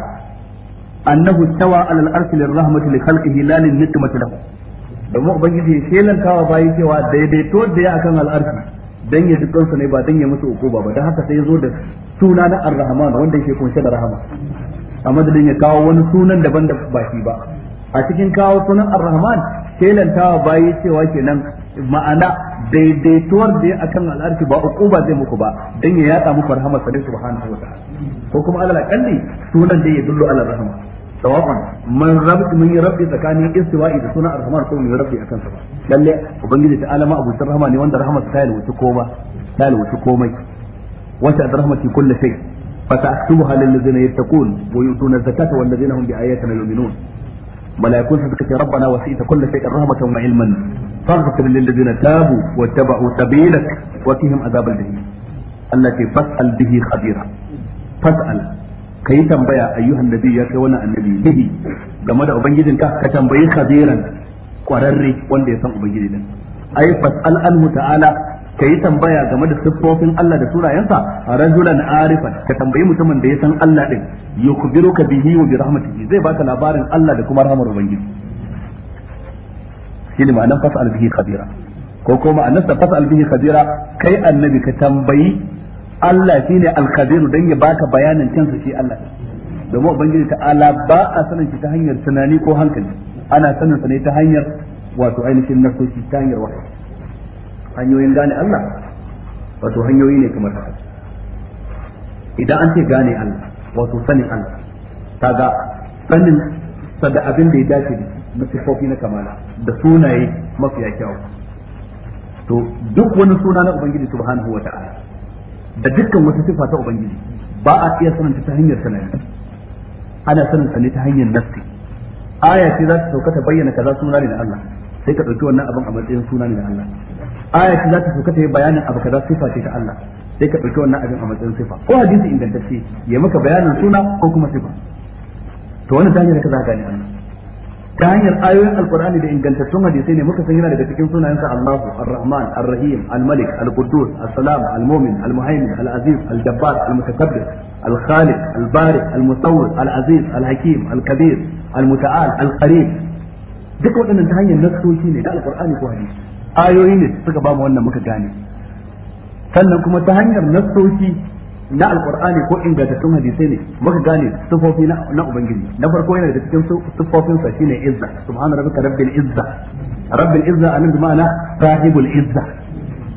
Speaker 1: annahu tawa ala al-arsh rahmati li khalqihi la lin nikmati lahu domin ubangiji ya shelan kawo bayi cewa daidaito da ya akan al-arsh dan ya ji kansa ne ba dan ya musu ukuba ba dan haka sai ya zo da suna na ar-rahman wanda yake kunshe da rahama a madadin ya kawo wani sunan daban da ba shi ba a cikin kawo sunan ar-rahman shelan tawa bayi cewa kenan ma'ana daidaituwar da ya akan al'arshi ba uquba zai muku ba dan ya yada muku rahama sa subhanahu wa ta'ala ko kuma alal akalli sunan da ya dullu ala rahama sawa'an man rabbi mun rabbi tsakanin istiwa'i da sunan arhamar ko min rabbi akan sa ba lalle ubangiji ta alama abu rahama ne wanda rahama ta yalwaci koma ta yalwaci komai wata rahmati kullu shay fa ta'tubuha lil ladzina yattaqun wa yu'tuna zakata wal ladzina hum bi ayatina yu'minun mala'ikun suka ce rabbana wasita kullu shay'in rahmatan wa ilman faghfir lil ladina tabu wattaba'u sabilak wa qihim azabal jahim Allah ce fas'al bihi khabira fas'al kai tambaya ayyuhan nabi ya kai wannan annabi bihi game da ubangijinka ka Ka tambayi khabiran kwararre wanda ya san ubangiji din ai fas'al anhu ta'ala ka yi tambaya game da siffofin Allah da surayensa rajulan arifan ka tambayi mutumin da ya san Allah din ka bihi wa bi rahmatihi zai baka labarin Allah da kuma rahmar ubangiji shine ma'anar fas'al bihi khabira ko ko ma'anar sa fas'al bihi khabira kai annabi ka tambayi Allah shine al-khabir dan ya baka bayanin kansa shi Allah domin ubangiji ta'ala ba a sanin shi ta hanyar tunani ko hankali ana sanin sa ne ta hanyar wato ainihin nasoshi ta hanyar wahayi hanyoyin gane Allah wato hanyoyi ne kamar haka idan an ce gane Allah wato sanin Allah kaga sanin sa da abin da ya dace da na sifofi na kamala da sunaye mafiya kyau to duk wani suna na ubangiji subhanahu wata'ala da dukkan wata sifa ta ubangiji ba a iya sanin ta hanyar sanani ana sanin sa ne ta hanyar nafsi aya ce za ta sauka ta bayyana kaza suna ne na Allah sai ka dauki wannan abin a matsayin suna ne na Allah aya ce za ta fuka ta yi bayanin abu kaza sifa ce ta Allah sai ka ɗauki wannan abin a matsayin sifa ko hadisi ingantacce ya maka bayanin suna ko kuma sifa to wannan ta hanyar ka za ka gane Allah ta hanyar ayoyin alkur'ani da ingantattun hadisai ne muka san yana daga cikin sunayensa Allahu Ar-Rahman Ar-Rahim Al-Malik Al-Quddus As-Salam Al-Mu'min Al-Muhaymin Al-Aziz Al-Jabbar Al-Mutakabbir Al-Khaliq Al-Bari Al-Mutawwir Al-Aziz Al-Hakim Al-Kabir Al-Muta'al Al-Qarib duk waɗannan ta hanyar nasoshi ne da alkur'ani ko hadisi ayoyi ne suka ba mu wannan muka gane sannan kuma ta hanyar nassoci na alqur'ani ko ingantattun hadisai ne muka gane sufofi na ubangiji na farko yana da cikin sufofin sa shine izza subhana rabbika rabbil izza rabbil izza anan bi ma'ana sahibul izza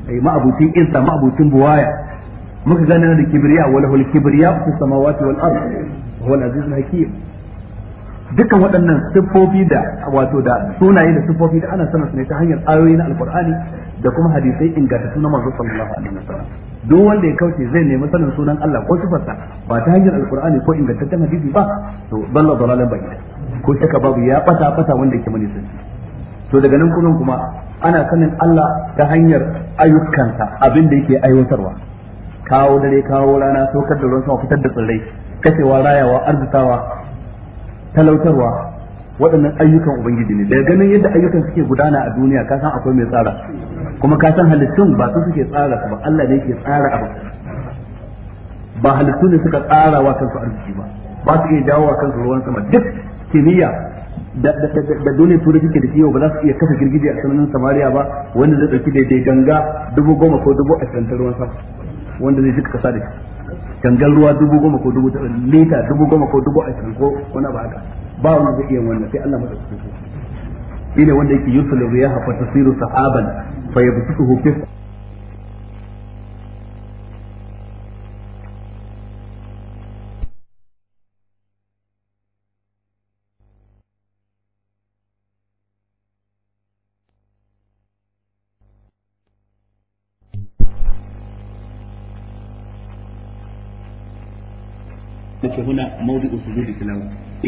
Speaker 1: ai ma'abutin izza ma'abutin buwaya muka gane da kibriya wala hul kibriya fi samawati wal ard huwa al aziz al hakim dukkan waɗannan siffofi da wato da sunaye da siffofi da ana sanar ne ta hanyar ayoyi na alkur'ani da kuma hadisai ingantattu na manzo sallallahu alaihi wasallam duk wanda ya kauce zai nemi sanin sunan Allah ko sifarsa ba ta hanyar alkur'ani ko ingantaccen hadisi ba to balla dalalan bayyana ko shaka babu ya bata bata wanda yake mani sun to daga nan kuma kuma ana sanin Allah ta hanyar ayyukansa abin da yake aiwatarwa kawo dare kawo rana saukar da ruwan sama fitar da tsirrai kasewa, rayawa arzikawa talautarwa waɗannan ayyukan ubangiji ne daga ganin yadda ayyukan suke gudana a duniya ka san akwai mai tsara kuma ka san halittun ba su suke tsara ba Allah ne yake tsara abu ba halittu ne suka tsara wa kansu arziki ba ba su iya dawo wa kansu ruwan sama duk kimiyya da dole turai suke da ke yau ba za su iya kafa girgije a sananin samariya ba wanda zai ɗauki daidai ganga dubu goma ko dubu ashirin ta ruwan sama wanda zai shi kasa da shi gangan ruwa dubu goma ko dubu lita dubu goma ko dubu ashirin ko wani ba haka ba wani zai iya wannan sai Allah madaukakin sarki ne wanda yake yusul riyaha fa tasiru sahaban fa yabsutuhu fi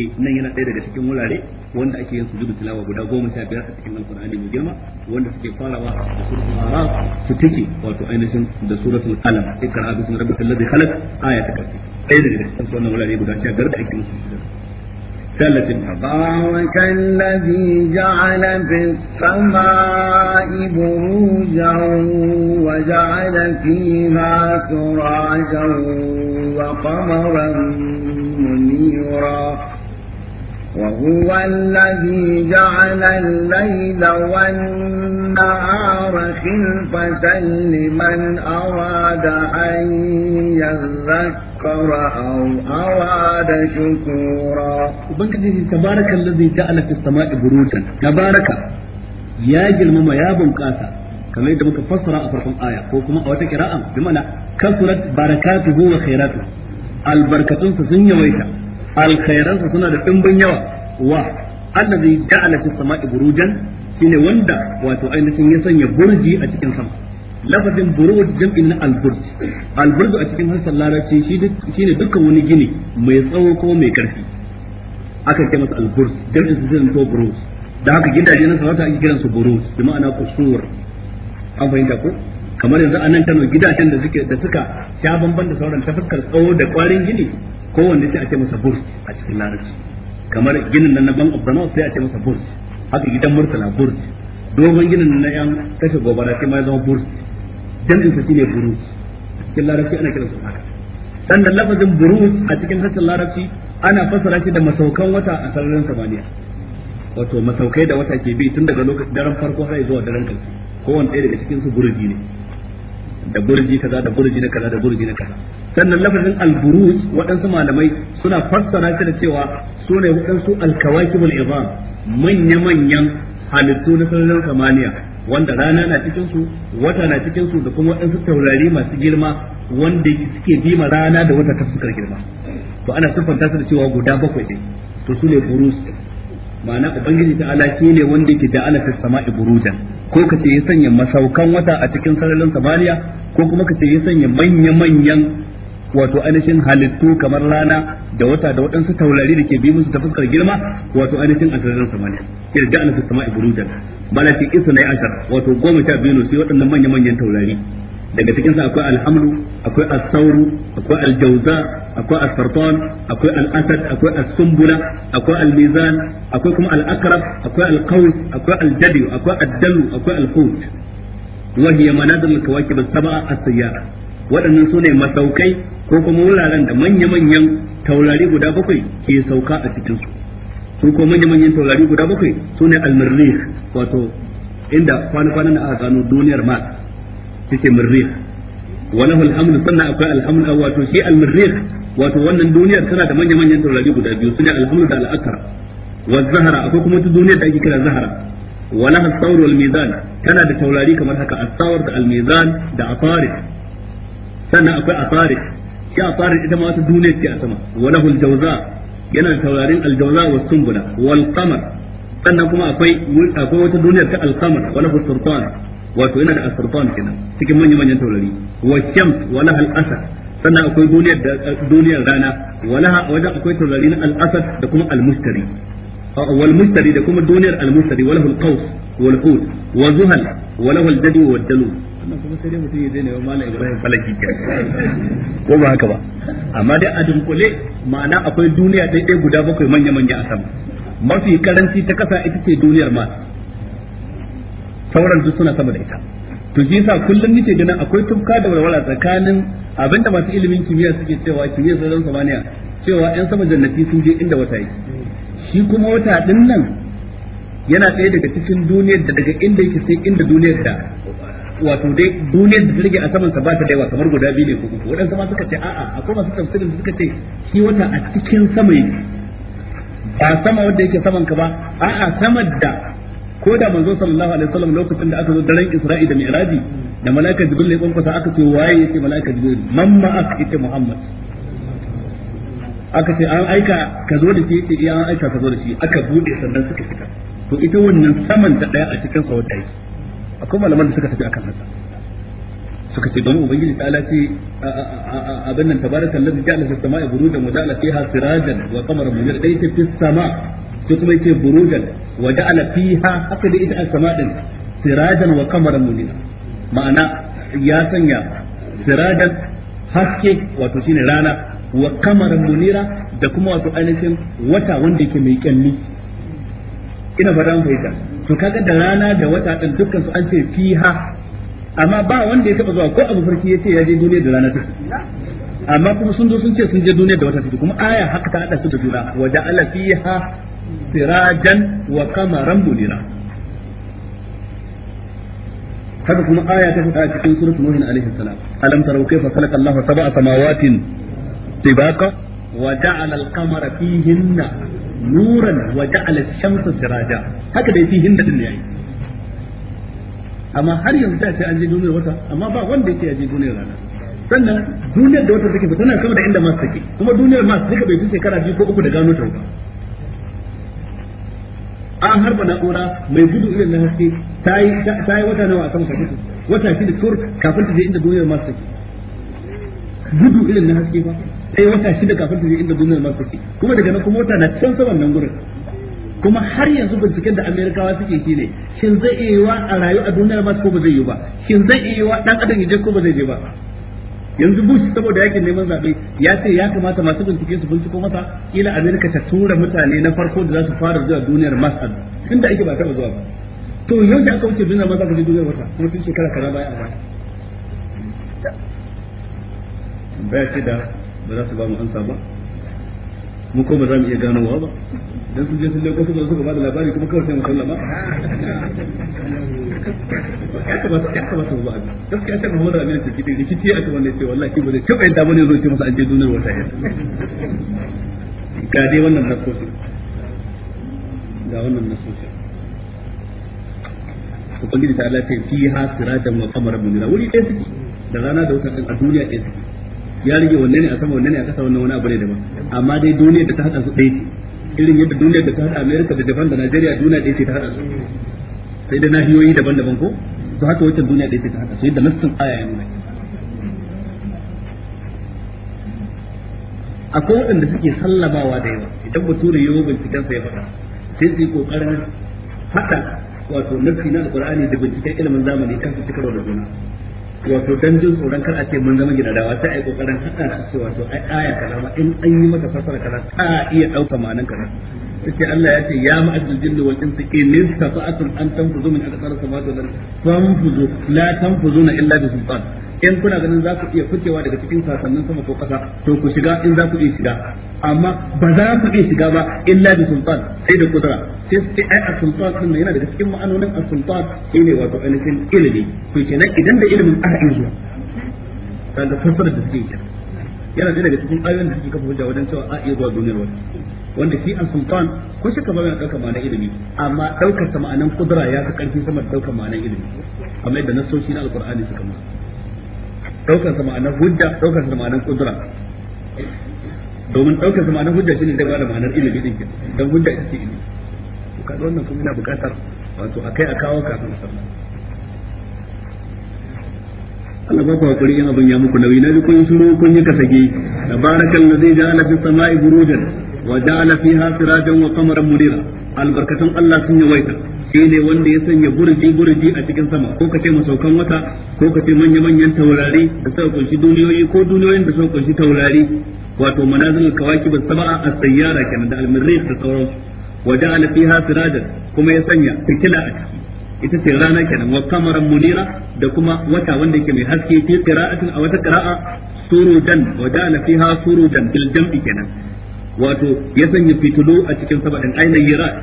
Speaker 1: ce nan yana ɗaya daga cikin wurare wanda ake yin sujudu tilawa guda goma sha biyar a cikin alkur'ani mai girma wanda suke farawa da suratul araf su take wato ainihin da suratul alam ikra rabbikal ladzi khalaq aya ta karshe ɗaya daga cikin wannan wurare guda sha biyar da ake yin sujudu
Speaker 2: تبارك الذي جعل في السماء بروجا وجعل فيها سراجا وقمرا منيرا وهو الذي جعل الليل والنهار خلفة لمن أراد أن يذكر أو أراد شكورا وبنكده تبارك
Speaker 1: الذي جعل في السماء بروجا تبارك يا جلمما يا بنكاسا كما يدبك فسر أفرقم آية وكما أوتك راء بمعنى كثرت بركاته وخيراته albarkatunsa sun yawaita alkhairansa suna da dimbin yawa wa allazi ja'ala fi sama'i burujan shine wanda wato ainihin ya sanya burji a cikin sama lafazin buruj jam'in na alburj alburj a cikin harshen larabci shine dukkan wani gini mai tsawo ko mai karfi aka ce masa alburj jam'in su zai to buruj da haka gidaje na sarauta ake kiransu buruj da ma'ana kusur an fahimta ko kamar yanzu a nan gidajen da suke da suka sha bamban da sauran ta fuskar tsawo da kwarin gini kowanne sai a ce masa burs a cikin larabci kamar ginin nan na bank of the sai a ce masa burs haka gidan murtala burs dogon ginin na yan kashe gobara sai ma ya zama burs jam'in sa shine burus cikin larabci ana kiransa haka da lafazin burus a cikin harshen larabci ana fassara shi da masaukan wata a sararin samaniya wato masaukai da wata ke bi tun daga lokacin daren farko har zuwa daren ƙarshe kowanne ɗaya daga cikin su burji ne da burji kaza da burji na kaza da burji na kaza sannan lafazin al-buruj waɗansu malamai suna fassara shi da cewa su ne waɗansu al-kawakibul izam manya-manyan halittu na sararin samaniya wanda rana na cikin su wata na cikin su da kuma waɗansu taurari masu girma wanda suke bima rana da wata ta suka girma to ana siffanta su da cewa guda bakwai ne to su ne buruz ma'ana ubangiji ta ala shi ne wanda yake da fis sama'i burujan ko kace ya sanya masaukan wata a cikin sararin samaniya ko kuma kace ya sanya manya-manyan wato ainihin halittu kamar rana da wata da waɗansu taurari da ke bi musu ta fuskar girma wato ainihin a sararin samaniya irda an fi sama'i burujan malaki isa na ashar wato goma sha biyu sai waɗannan manya-manyan taurari daga cikin akwai alhamdu akwai as-sauru akwai al-jawza akwai as-sartan akwai al-asad akwai as-sumbula akwai al-mizan akwai kuma al-aqrab akwai al-qaws akwai al-jadi akwai ad-dalu akwai al-hut wa hiya manazil al-kawakib as-sab'a as-sayyara waɗannan su ne masaukai ko kuma wuraren da manya-manyan taurari guda bakwai ke sauka a cikinsu su ko manya-manyan taurari guda bakwai su ne almirrih wato inda kwana-kwanan aka gano duniyar ma suke mirrih wani alhamdu sannan akwai alhamdu wato shi almirrih wato wannan duniyar tana da manya-manyan taurari guda biyu su ne alhamdu da al'akar wa zahara akwai kuma ta duniyar da ake kira zahara ولها الثور والميزان tana da taurari kamar haka asawar da الميزان da عطارد sannan akwai asarik shi asarik ita ma wata duniya ce a sama walahu aljawza yana taurarin aljawza wa sumbula wal qamar sannan kuma akwai akwai wata duniya ta alqamar walahu sultan wato yana da asultan kenan cikin manyan manyan taurari wa shams walahu al-asad sannan akwai duniyar duniyar rana walaha wajen akwai taurari na al-asad da kuma al-mustari والمشتري ده كما دونير المشتري وله القوس والحوت وزهل وله الجدو والدلو wannan kuma sai dai mutum ya malam Ibrahim falaki ko ba haka ba amma dai a dunkule ma'ana akwai duniya ɗaya ɗaya guda bakwai manya manya a sama mafi karanci ta kasa ita ce duniyar ma sauran duk suna sama da ita to shi yasa kullum nake ganin akwai tufka da walwala tsakanin abinda masu ilimin kimiyya suke cewa kimiyyar zama samaniya cewa yan sama jannati sun je inda wata yake shi kuma wata din nan yana ɗaya daga cikin duniyar da daga inda yake sai inda duniyar da wato dai duniyar da rage a saman sa ba ta da yawa kamar guda biyu ne ko uku waɗansu ma suka ce a'a akwai masu tafsirin da suka ce shi wata a cikin sama yake ba sama wanda yake saman ka ba a'a sama da ko da manzo sallallahu alaihi wasallam lokacin da aka zo daren Isra'i da Mi'raji da malaika Jibril ya kwankwasa aka ce waye yake malaika Jibril man aka ita Muhammad aka ce an aika ka zo da shi yace iya an aika ka zo da shi aka bude sannan suka fita to ita wannan saman ta daya a cikin sa wata yake akwai malaman da suka tafi akan haka suka ce domin ubangiji ta alafi abin nan tabaraka allazi ja'ala fis sama'i burujan wa ja'ala fiha sirajan wa qamaran munira dai ta fis sama' sai kuma yace burujan wa ja'ala fiha haka da ita sama' din sirajan wa qamaran munira ma'ana ya sanya sirajan haske wato shine rana wa qamaran munira da kuma wato ainihin wata wanda yake mai kyalli ina fata an fahimta to kaga da rana da wata din dukkan su an ce fiha amma ba wanda ya taba zuwa ko abu farki yace ya je duniya da rana take amma kuma sun zo sun ce sun je duniya da wata take kuma aya haka ta hada su da juna wa ala fiha sirajan wa qamaran munira haka kuma aya ta faɗa cikin suratul nuh alaihi salam alam taraw kayfa khalaqa Allahu sab'a samawatin tibaqa wa ja'ala al-qamara fihinna nuran wa ja'ala shamsa siraja haka dai fi hinda din yayi amma har yanzu ta ce an je duniyar wata amma ba wanda yake ya je duniyar rana sannan duniyar da wata take ba tana sama da inda masu take kuma duniyar masu duka bai fi shekara biyu ko uku da gano ta ba A harba na'ura mai gudu irin na haske ta yi wata nawa a sama kafin wata shi da tur kafin ta je inda duniyar masu take gudu irin na haske ba sai wata shida kafin ta je inda duniyar mars take kuma daga nan kuma wata na can saman nan gurin kuma har yanzu binciken da amerikawa suke shi ne shin zai iya yiwa a rayu a duniyar mars ko ba zai yi ba shin zai iya yiwa dan adam ya je ko ba zai je ba yanzu bush saboda yakin neman zaɓe ya ce ya kamata masu bincike su binciko masa kila amerika ta tura mutane na farko da za su fara zuwa duniyar mars tunda ake ba taɓa zuwa ba to yau da aka wuce duniyar mars aka je duniyar wata kuma tun shekara kaza baya a baya tambaya ce da ba za su ba mu amsa ba mu ko ba za mu iya wa ba dan su je sun leko su suka ba da labari kuma kawai sai mu sallama
Speaker 3: ya kamata ya kamata ba a
Speaker 1: gaskiya sai Muhammadu Aminu ta kidi rikici a kan wannan ce wallahi ba zai taba yadda bane zo ce masa an je dunar wata ya ga dai wannan nasosi ga wannan nasosi ubangiji ta Allah ta fiha siratan wa qamaran munira wuri ɗaya suke da rana da din a duniya ɗaya suke ya rage wanne ne a sama wanne ne a kasa wannan wani abu ne daban amma dai duniya da ta hada su ɗaya irin yadda duniyar da ta hada America da Japan da Nigeria duniya ɗaya ce ta hada su sai da nahiyoyi daban-daban ko to haka wacce duniya ɗaya ce ta hada su yadda nassin aya ya nuna akwai waɗanda suke sallamawa da yawa idan bature ya yi binciken sa ya faɗa sai su yi ƙoƙarin haɗa wato nassi na alƙur'ani da binciken ilimin zamani kan su cikarwa da juna wato dan jin tsoron kar a ce mun zama dawa sai ai kokarin hada su cewa to ai aya kalama in an yi maka fasara kaza ta iya dauka manan kaza sai Allah ya ce ya ma'ajjal jinn wal insa in istata'tum an tanfuzu min aqsar samawati wal tanfuzu la tanfuzuna illa bi sultan in kuna ganin za ku iya ficewa daga cikin sasannin sama ko kasa to ku shiga in za ku iya shiga amma ba za ku iya shiga ba illa bi sultan sai da kudura sai ai as-sultan din yana daga cikin ma'anonin as-sultan shine wato ainihin ilimi to kenan idan da ilimin aka yi zuwa da fassarar da suke yi yana daga cikin ayoyin da suke kafa hujja wajen cewa a iya zuwa duniyar wani. wanda shi a ko shi kamar yana ɗaukar ma'anar ilimi amma ɗaukar sa ma'anar kudura ya fi ƙarfi sama da ɗaukar ma'anar ilimi amma yadda nasoshi na alƙur'ani suka nuna ɗaukar sa ma'anar hujja ɗaukar sa ma'anar kudura domin ɗaukar sa ma'anar hujja da zai bada ma'anar ilimi din don hujja ita ce ilimi kaɗa wannan kuma yana buƙatar wato a kai a kawo kafin sallah Allah ba ku hakuri in abin ya muku nauyi na ji kun suru kun yi kasage da zai ja'ala fi sama'i burujan wa ja'ala fiha sirajan wa qamaran murira. albarkatun Allah sun yawaita shi ne wanda ya sanya burji burji a cikin sama ko kace masaukan wata ko kace manya manyan taurari da suka kunshi duniyoyi ko duniyoyin da suka kunshi taurari wato manazil ba sab'a as-sayyara kenan da al da sauransu wa ja'ala fiha sirajan kuma ya sanya fitila a ciki ita ce rana kenan wa kamaran munira da kuma wata wanda yake mai haske fi qira'atin a wata qira'a surujan wa ja'ala fiha surujan bil jam'i kenan wato ya sanya fitulu a cikin sabadin ainihin yirat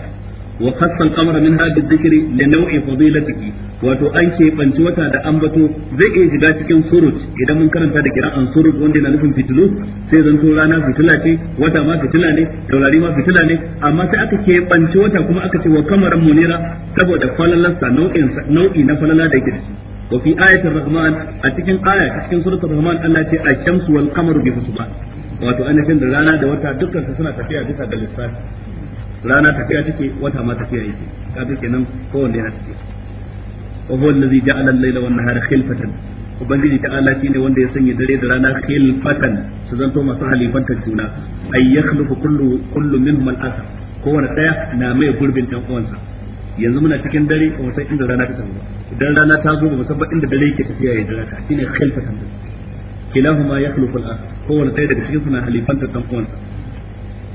Speaker 1: wa khassa al-qamara min hadhihi dhikri li naw'i fadilatihi wato an ke wata da ambato zai iya shiga cikin surut idan mun karanta da an suruj wanda yana nufin fitilu sai zanto rana fitila ce wata ma fitila ne taurari ma fitila ne amma sai aka ke wata kuma aka ce wa kamaran munira saboda falalarsa nau'i na falala da girki wa fi ayatir rahman a cikin aya cikin suratul rahman Allah ce a shamsu wal qamaru bi husban wato anashin da rana da wata dukkan su suna tafiya bisa da lissafi rana tafiya take wata ma tafiya yake kaga kenan kowanne yana tafiya wa huwa allazi ja'ala al-layla wan nahara khilfatan ubangiji ta ala shine wanda ya sanya dare da rana khilfatan su zanto masu halifanta juna ay yakhluqu kullu kullu minhum al-athar kowanne daya na mai gurbin dan uwansa yanzu muna cikin dare a wata inda rana ta tafi idan rana ta zo ba musamman inda dare yake tafiya ya dare ta shine khilfatan kilahuma yakhluqu al-athar kowanne daya daga cikin suna halifanta dan uwansa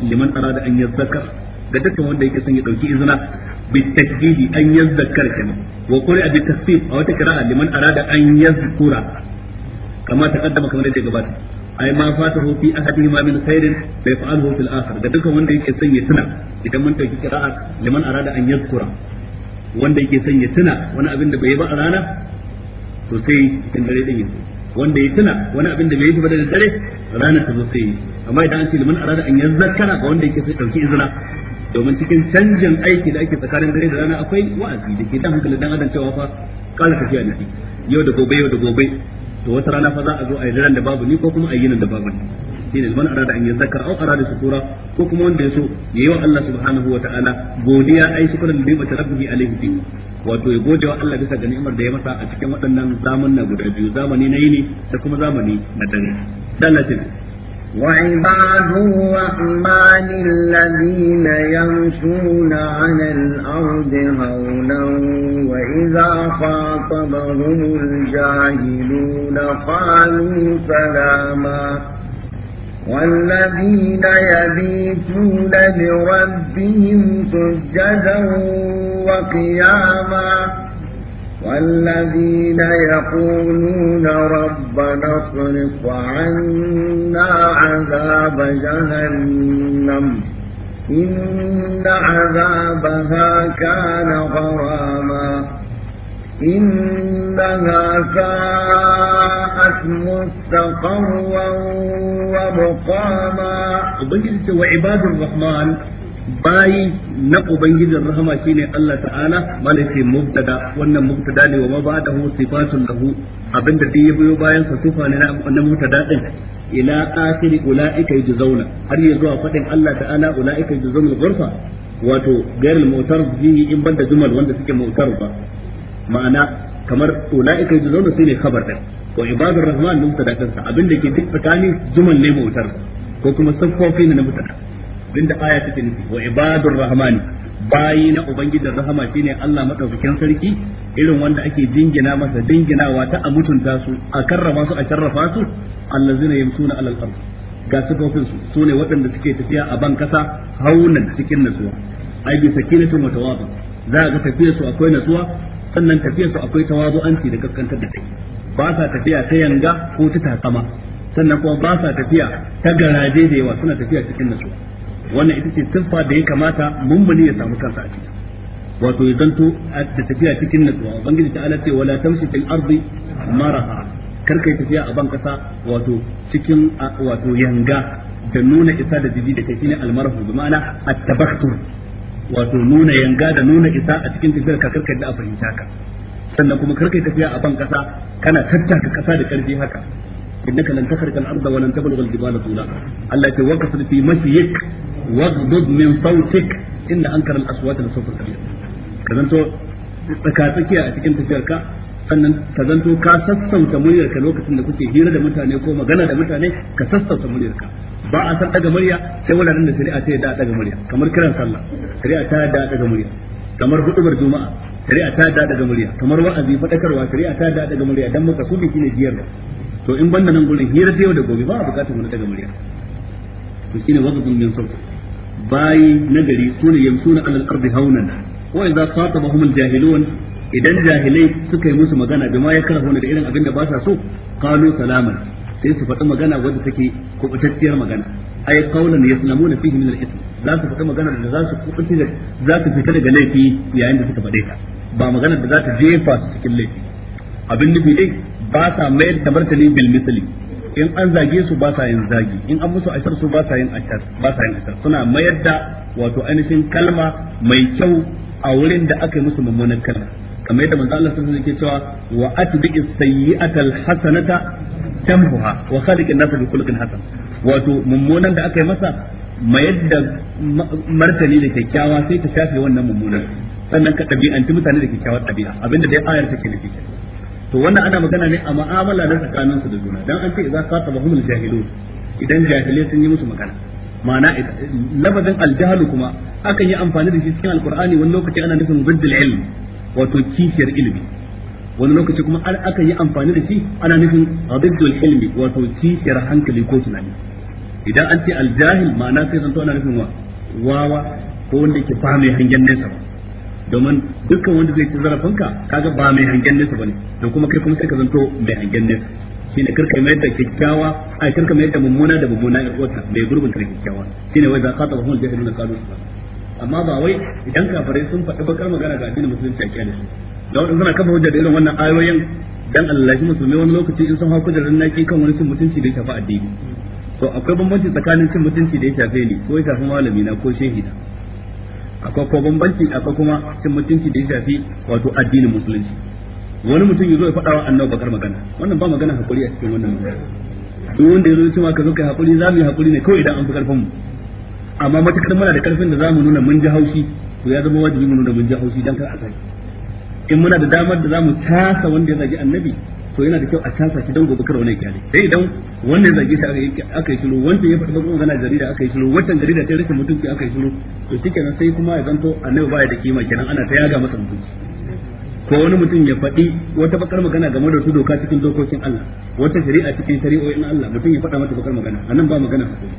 Speaker 1: liman arada an yadhakkar ga dukkan wanda yake son ya dauki izina bitakdihi an yazzakar kenan wa qur'a bitasfif a wata qira'a liman arada an yazkura kama taqaddama kamar yadda gabata ai ma fatahu fi ahadihi ma min khairin la yaf'aluhu fil akhar ga dukkan wanda yake son ya tuna idan mun dauki qira'a liman arada an yazkura wanda yake son ya tuna wani abin da bai yi ba a rana to sai cikin dare din yanzu wanda ya tuna wani abin da bai yi ba da dare rana ta zo sai amma idan an ce liman arada an yazzakara ga wanda yake son dauki izina domin cikin canjin aiki da ake tsakanin dare da rana akwai wa'azi da ke dan hankalin dan adam cewa fa kala tafiya ne yau da gobe yau da gobe to wata rana fa za a zo a yi daren da babu ni ko kuma a yi nan da babu ni shine man arada an yazzakar aw arada su shukura ko kuma wanda ya so yayi wa Allah subhanahu wa ta'ala godiya ai su shukran bi bai rabbi alaihi bi wato ya gode wa Allah bisa ga ni'imar da ya masa a cikin waɗannan zamanin guda biyu zamani na yini da kuma zamani na dare dan latin
Speaker 2: وعباد الرحمن الذين يمشون على الأرض هونا وإذا خاطبهم الجاهلون قالوا سلاما والذين يبيتون لربهم سجدا وقياما والذين يقولون ربنا اصرف عنا عذاب جهنم إن عذابها كان غراما إنها ساءت مستقرا ومقاما وعباد الرحمن
Speaker 1: bayi na ubangijin rahama shine Allah ta'ala malaka mubtada wannan mubtada ne wa ma hu sifatun lahu abinda da ya biyo bayan sa sifa ne na mubtada din ila akhiri ulaika yujzauna har ya zuwa fadin Allah ta'ala ulaika yujzauna al-ghurfa wato gairar al-mu'tar bihi in banda jumal wanda suke mu'tar ba ma'ana kamar ulaika yujzauna shine khabar din Ko ibadur rahman mubtada kansa sa abinda ke duk fatani jumal ne mu'tar ko kuma saffofi ne na mubtada abinda aya take nufi wa ibadur rahmani bayi na ubangijin rahama shine Allah madaukakin sarki irin wanda ake dingina masa dinginawa ta a mutunta su a karrama su a sharrafa su allazina yamsuna alal ard ga sifofin su sune waɗanda suke tafiya a ban kasa haunan cikin natsuwa ai bi sakinatu mutawadu za ga tafiyar su akwai natsuwa sannan tafiyar su akwai tawazu'anci da kaskantar da kai ba sa tafiya ta yanga ko ta takama sannan kuma ba sa tafiya ta garaje da yawa suna tafiya cikin natsuwa wannan ita ce siffa da ya kamata mummuni ya samu kansa a ciki wato ya zanto da tafiya cikin natsuwa ubangiji ta ala ce wala tamshi fil ardi maraha kar kai tafiya a ban kasa wato cikin wato yanga da nuna isa da jiji da kai shine almarhu bi ma'ana at-tabakhtur wato nuna yanga da nuna isa a cikin tafiyar ka karka da a fahimta ka sannan kuma karka tafiya a ban kasa kana tattaka kasa da karfi haka innaka lan takhriqa al-arda wa lan tablugha al-jibala tula Allah ya ce waqasid fi mashyik واغضض من صوتك إن أنكر الأصوات لصوت الحرير كذنتو tsakatsakiya a cikin tafiyarka sannan ka zanto ka sassauta muryarka lokacin da kuke hira da mutane ko magana da mutane ka sassauta muryarka ba a san daga murya sai wuraren da shari'a ta yadda daga murya kamar kiran sallah shari'a ta yadda daga murya kamar hudubar juma'a shari'a ta yadda daga murya kamar wa'azi fadakarwa shari'a ta yadda daga murya dan maka su shine jiyar to in banda nan gurin hira ta yau da gobe ba a bukatar wani daga murya to shine wazubun min sauti bayi nagari yamsu yamsuna alal arzi haunan wa idza khatabahum aljahilun idan jahilai suka yi musu magana bima ya karahuna da irin abin da ba sa so kalu salaman sai su faɗi magana wadda take kubutacciyar magana ay qawlan yaslamuna fihi min al-ithm za su faɗi magana da za su kubuta da za su fita daga laifi yayin da suka faɗe ta ba magana da za ta jefa su cikin laifi abin nufi dai ba sa mayar da martani bil misali in an zage su ba sa yin zagi in an musu ashar su ba sa yin ashar ba sa yin ashar suna mayar da wato ainihin kalma mai kyau a wurin da aka yi musu mummunan kalma kamar yadda manzo Allah sallallahu alaihi wasallam yake cewa wa atbi'i sayyi'ata alhasanata tamhuha wa khaliqin nasa bi khuluqin hasan wato mummunan da aka yi masa mayar da martani da kyakkyawa sai ta shafe wannan mummunan sannan ka ɗabi'anci mutane da kyakkyawar ɗabi'a abinda dai ayar take nufi kenan to wannan ana magana ne a mu'amala na tsakanin su da juna dan an ce idza qatabahum al-jahilun idan jahilai sun yi musu magana ma'ana labadin al kuma akan yi amfani da shi cikin alqur'ani wani lokaci ana nufin biddil ilm wato kishiyar ilimi wani lokaci kuma akan yi amfani da shi ana nufin biddil ilmi wato kishiyar hankali ko tunani idan an ce aljahil ma'ana sai zanto ana nufin wa wawa ko wanda ke ba mai hangen nesa ba domin dukkan wanda zai ci zarafinka kaga ba mai hangen nesa bane to kuma kai kuma sai ka zanto mai hangen nesa shine karka mai da kikkiawa ai karka mai da mummuna da mummuna ya wata. mai gurbin ta kikkiawa shine wai za ka ta hul jahiluna ba. amma ba wai idan kafirai sun faɗi bakar magana ga addinin musulunci a kyale su da wadanda suna kafa hujja da irin wannan ayoyin dan Allah shi musulmi wani lokaci in sun hau kujerar naki kan wani cin mutunci da ya shafi addini to akwai bambanci tsakanin cin mutunci da ya shafe ni ko ya shafi malami na ko shehi na akwai ko bambanci akwai kuma cin mutunci da ya shafi wato addinin musulunci wani mutum ya zo ya faɗa wa annabi bakar magana wannan ba magana hakuri a cikin wannan duk wanda ya zo cewa ka zo kai hakuri za mu yi hakuri ne kawai idan an fi karfin mu amma matakar muna da karfin da za mu nuna mun ji haushi to ya zama wajibi mu nuna mun ji haushi dan kar a sai in muna da damar da za mu tasa wanda ya zagi annabi to yana da kyau a tasa shi don gobe kar wani kyale sai eh, idan wannan zage shi aka yi shiru wanda ya faɗi bakon gana jarida aka yi shiru wannan jarida ta rashin mutunci aka yi shiru to na sai kuma ya zanto annabi baya da kima kenan ana ta yaga masa mutunci ko wani mutum ya faɗi wata bakar magana game da su doka cikin dokokin Allah wata shari'a cikin shari'o'in Allah mutum ya faɗa mata bakar magana anan ba magana hakuri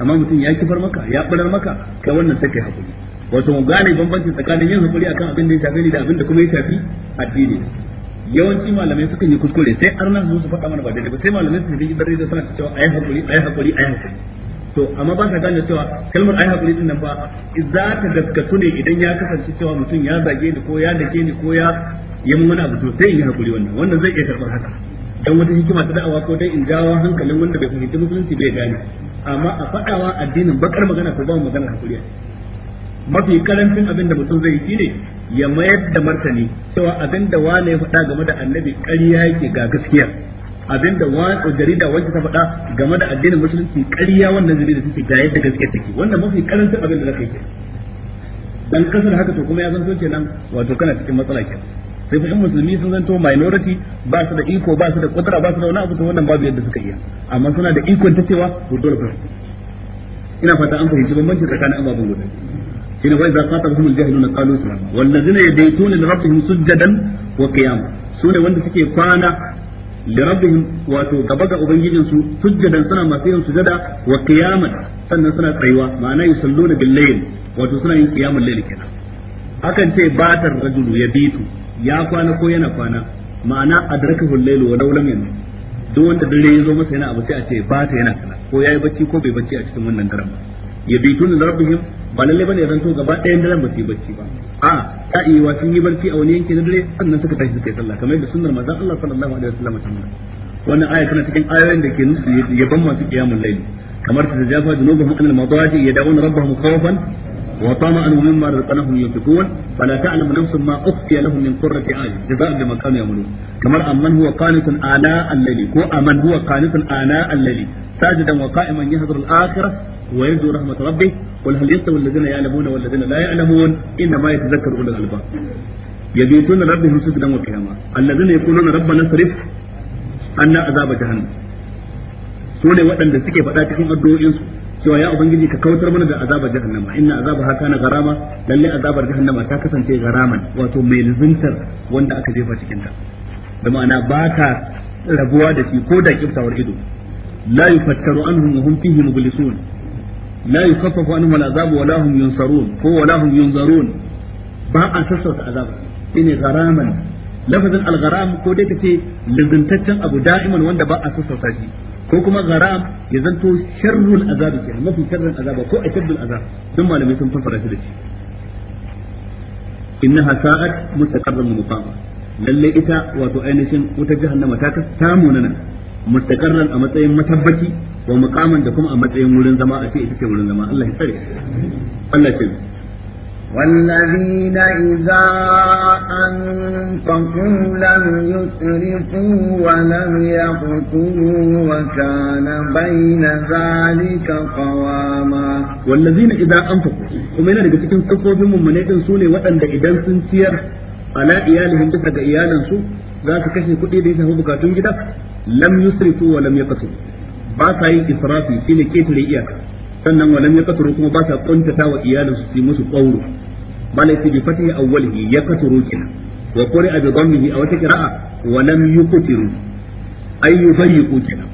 Speaker 1: amma mutum ya kifar maka ya barar maka kai wannan take kai hakuri wato mu gane bambancin tsakanin yin hakuri akan abin da ya shafi ni da abin da kuma ya shafi addini yawanci malamai sukan yi kuskure sai arnan musu faɗa mana ba daidai ba sai malamai su yi dare da suna cewa ayi hakuri ayi hakuri ayi hakuri to amma ba ka gane cewa kalmar ayi hakuri din nan ba za ta gaskatu ne idan ya kasance cewa mutum ya zage ni ko ya dake ni ko ya yi mun wani abu to sai in yi hakuri wannan wannan zai iya karɓar haka dan wata hikima ta da'awa ko dai in jawo hankalin wanda bai fahimci musulunci bai gane amma a faɗawa addinin bakar magana ko ba magana hakuri mafi karancin abin da mutum zai yi shine ya mayar da martani cewa abin da wane ya faɗa game da annabi ƙarya yake ga gaskiya abin abinda wani jarida wacce ta faɗa game da addinin musulunci ƙarya wannan jarida take ga yadda gaskiya take wannan mafi karancin abin da zaka yi dan kasar haka to kuma ya zanto kenan wato kana cikin matsala kenan sai fa musulmi sun zanto minority ba su da iko ba su da kudura ba su da wani abu to wannan babu yadda suka iya amma suna da ikon ta cewa to dole ina fata an fahimci bambanci tsakanin ababen guda shine wa idza qatabahum aljahiluna qalu salama wallazina yabituna li rabbihim sujadan wa qiyama sune wanda suke kwana li rabbihim wato gaba ga ubangijin su sujadan suna masu yin sujada wa qiyaman sannan suna tsayuwa ma'ana yusalluna bil layl wato suna yin qiyamul layl kenan akan ce batar rajulu yabitu ya kwana ko yana kwana ma'ana adrakahu al-layl wa law lam yanam duk wanda dare ya zo masa yana abu sai a ce ba ta yana kana ko yayi bacci ko bai bacci a cikin wannan daren ya bitun rabbihim ba lalle bane zan to gaba ɗayan daren ba su yi bacci ba a ta yi wa sun yi barci a wani yanki na dare sannan suka tashi suka yi sallah kamar yadda sunnar manzon Allah sallallahu alaihi wasallam ta nuna wannan aya tana cikin ayoyin da ke nusu yaban masu qiyamul layl kamar ta jafa junubuhum anil madaji yad'un rabbahum khawfan wa tama'an mimma razaqnahum yunfiqun fala ta'lamu nafsun ma ukhfiya lahum min qurrati a'yun jazaa'an bima kanu ya'malun kamar amman huwa qanitun ana al-layli ko amman huwa qanitun ana al-layli sajidan wa qa'iman yahdharu al-akhirah ويرجو رحمة ربه قل هل يستوي الذين يعلمون والذين لا يعلمون إنما يتذكر أولو الألباب يبيتون ربهم سجدا وقياما الذين يقولون ربنا اصرف عنا عذاب جهنم sune waɗanda suke faɗa cikin addu'o'insu cewa ya ubangiji ka kautar mana da azabar jahannama inna azabaha kana garama lalle azabar jahannama ta kasance garaman wato mai luzuntar wanda aka jefa cikin ta da ma'ana ba ta rabuwa da shi ko da kiftawar ido la yufattaru anhum wa hum fihi mublisun la yukaffafu anhum al'azab wa lahum yunsarun ko wa lahum yunzarun ba a sassauta azab shine gharaman lafazin al-gharam ko dai kace lazantaccen abu da'iman wanda ba a sassauta shi ko kuma gharam ya zanto sharrul azab ke mafi sharrin azaba ko ashaddul azab don malamai sun fassara shi da shi innaha sa'at lallai ita wato ainihin jihar na ta ta munana mustaqarran a matsayin matabbaci wa muqaman da kuma a matsayin wurin zama a ce ita ce wurin zama Allah ya tsare Allah
Speaker 2: ce والذين إذا أنفقوا لم يسرفوا ولم يقتلوا وكان بين ذلك قواما والذين إذا أنفقوا
Speaker 1: ومن هذا كتن كفوا بهم من يتن سوني وأن إذا سنسير على إيالهم بسك إيالا سو ذاك كشن كتير ليس هو بكاتون جدا لم يسرفوا ولم يقتلوا ba sa yin israfi shine ketare iyaka sannan walam ya kasuru kuma ba sa kuntata wa iyalin su musu qawlu bal yake bi fatihi awwalihi ya kasuru kina wa qari'a bi dhammihi aw takra'a wa lam yuqtiru ay yufayyiqu kina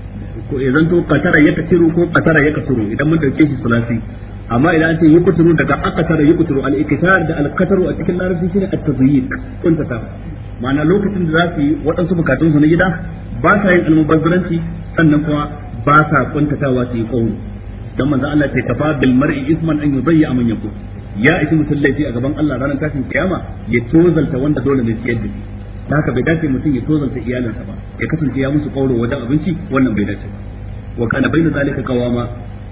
Speaker 1: ko idan to qatara ya kasiru ko qatara ya kasuru idan mun dauke shi sulasi amma idan an ce yuqtiru daga aqtara yuqtiru al-iktar da al-qataru a cikin larabci shine at-tadyiq kuntata ma'ana lokacin da za su yi waɗansu bukatunsu na gida ba sa yin almubazzaranci sannan kuma ba sa kuntatawa su yi kauli dan manzo Allah ce kafa bil mar'i isman an yudayya man yakun ya isi mutum laifi a gaban Allah ranar tashin kiyama ya tozalta wanda dole ne ciyar da shi da haka bai dace mutum ya tozalta iyalinsa ba ya kasance ya musu kauro wajen abinci wannan bai dace ba wa kana bayna zalika qawama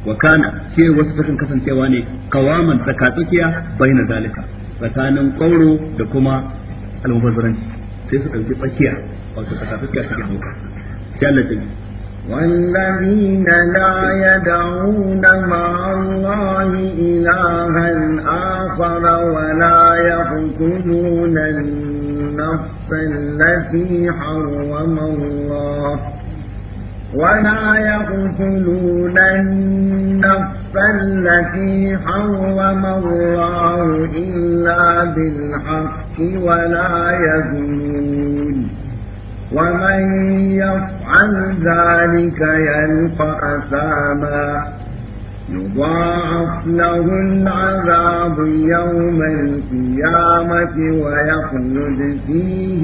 Speaker 1: wa kana ce wasu takan kasancewa ne qawaman tsakatsakiya bayna zalika tsakanin kauro da kuma almubazzaranci
Speaker 2: sai su dauki tsakiya wato tsakatsakiya suke dauka sai Allah والذين لا يدعون مع الله إلها آخر ولا يقتلون النفس التي حرم الله ولا يقتلون النفس التي حرم الله إلا بالحق ولا يزنون ومن يفعل ذلك يلقى أثاما يضاعف له العذاب يوم القيامة ويخلد فيه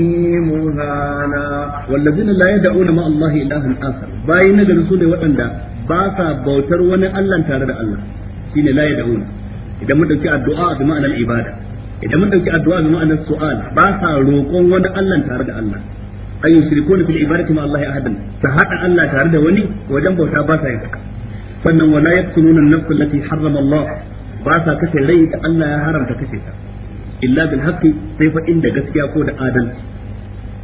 Speaker 2: مهانا
Speaker 1: والذين لا يدعون مع الله إله آخر باين الرسول وأندا باسا بوتر وانا ألا تارد الله شين لا يدعون إذا من الدعاء بمعنى العبادة إذا من الدعاء بمعنى السؤال باسا روكون وانا ألا تارد الله an yushrikuna fil ibadati ma Allah ahadan ta hada Allah tare da wani wajen bauta ba sa yin sannan wala yaqtuluna an-nafs allati harrama Allah ba sa kashe rai da Allah ya haramta kashe ta illa bil haqqi sai fa inda gaskiya ko da adalci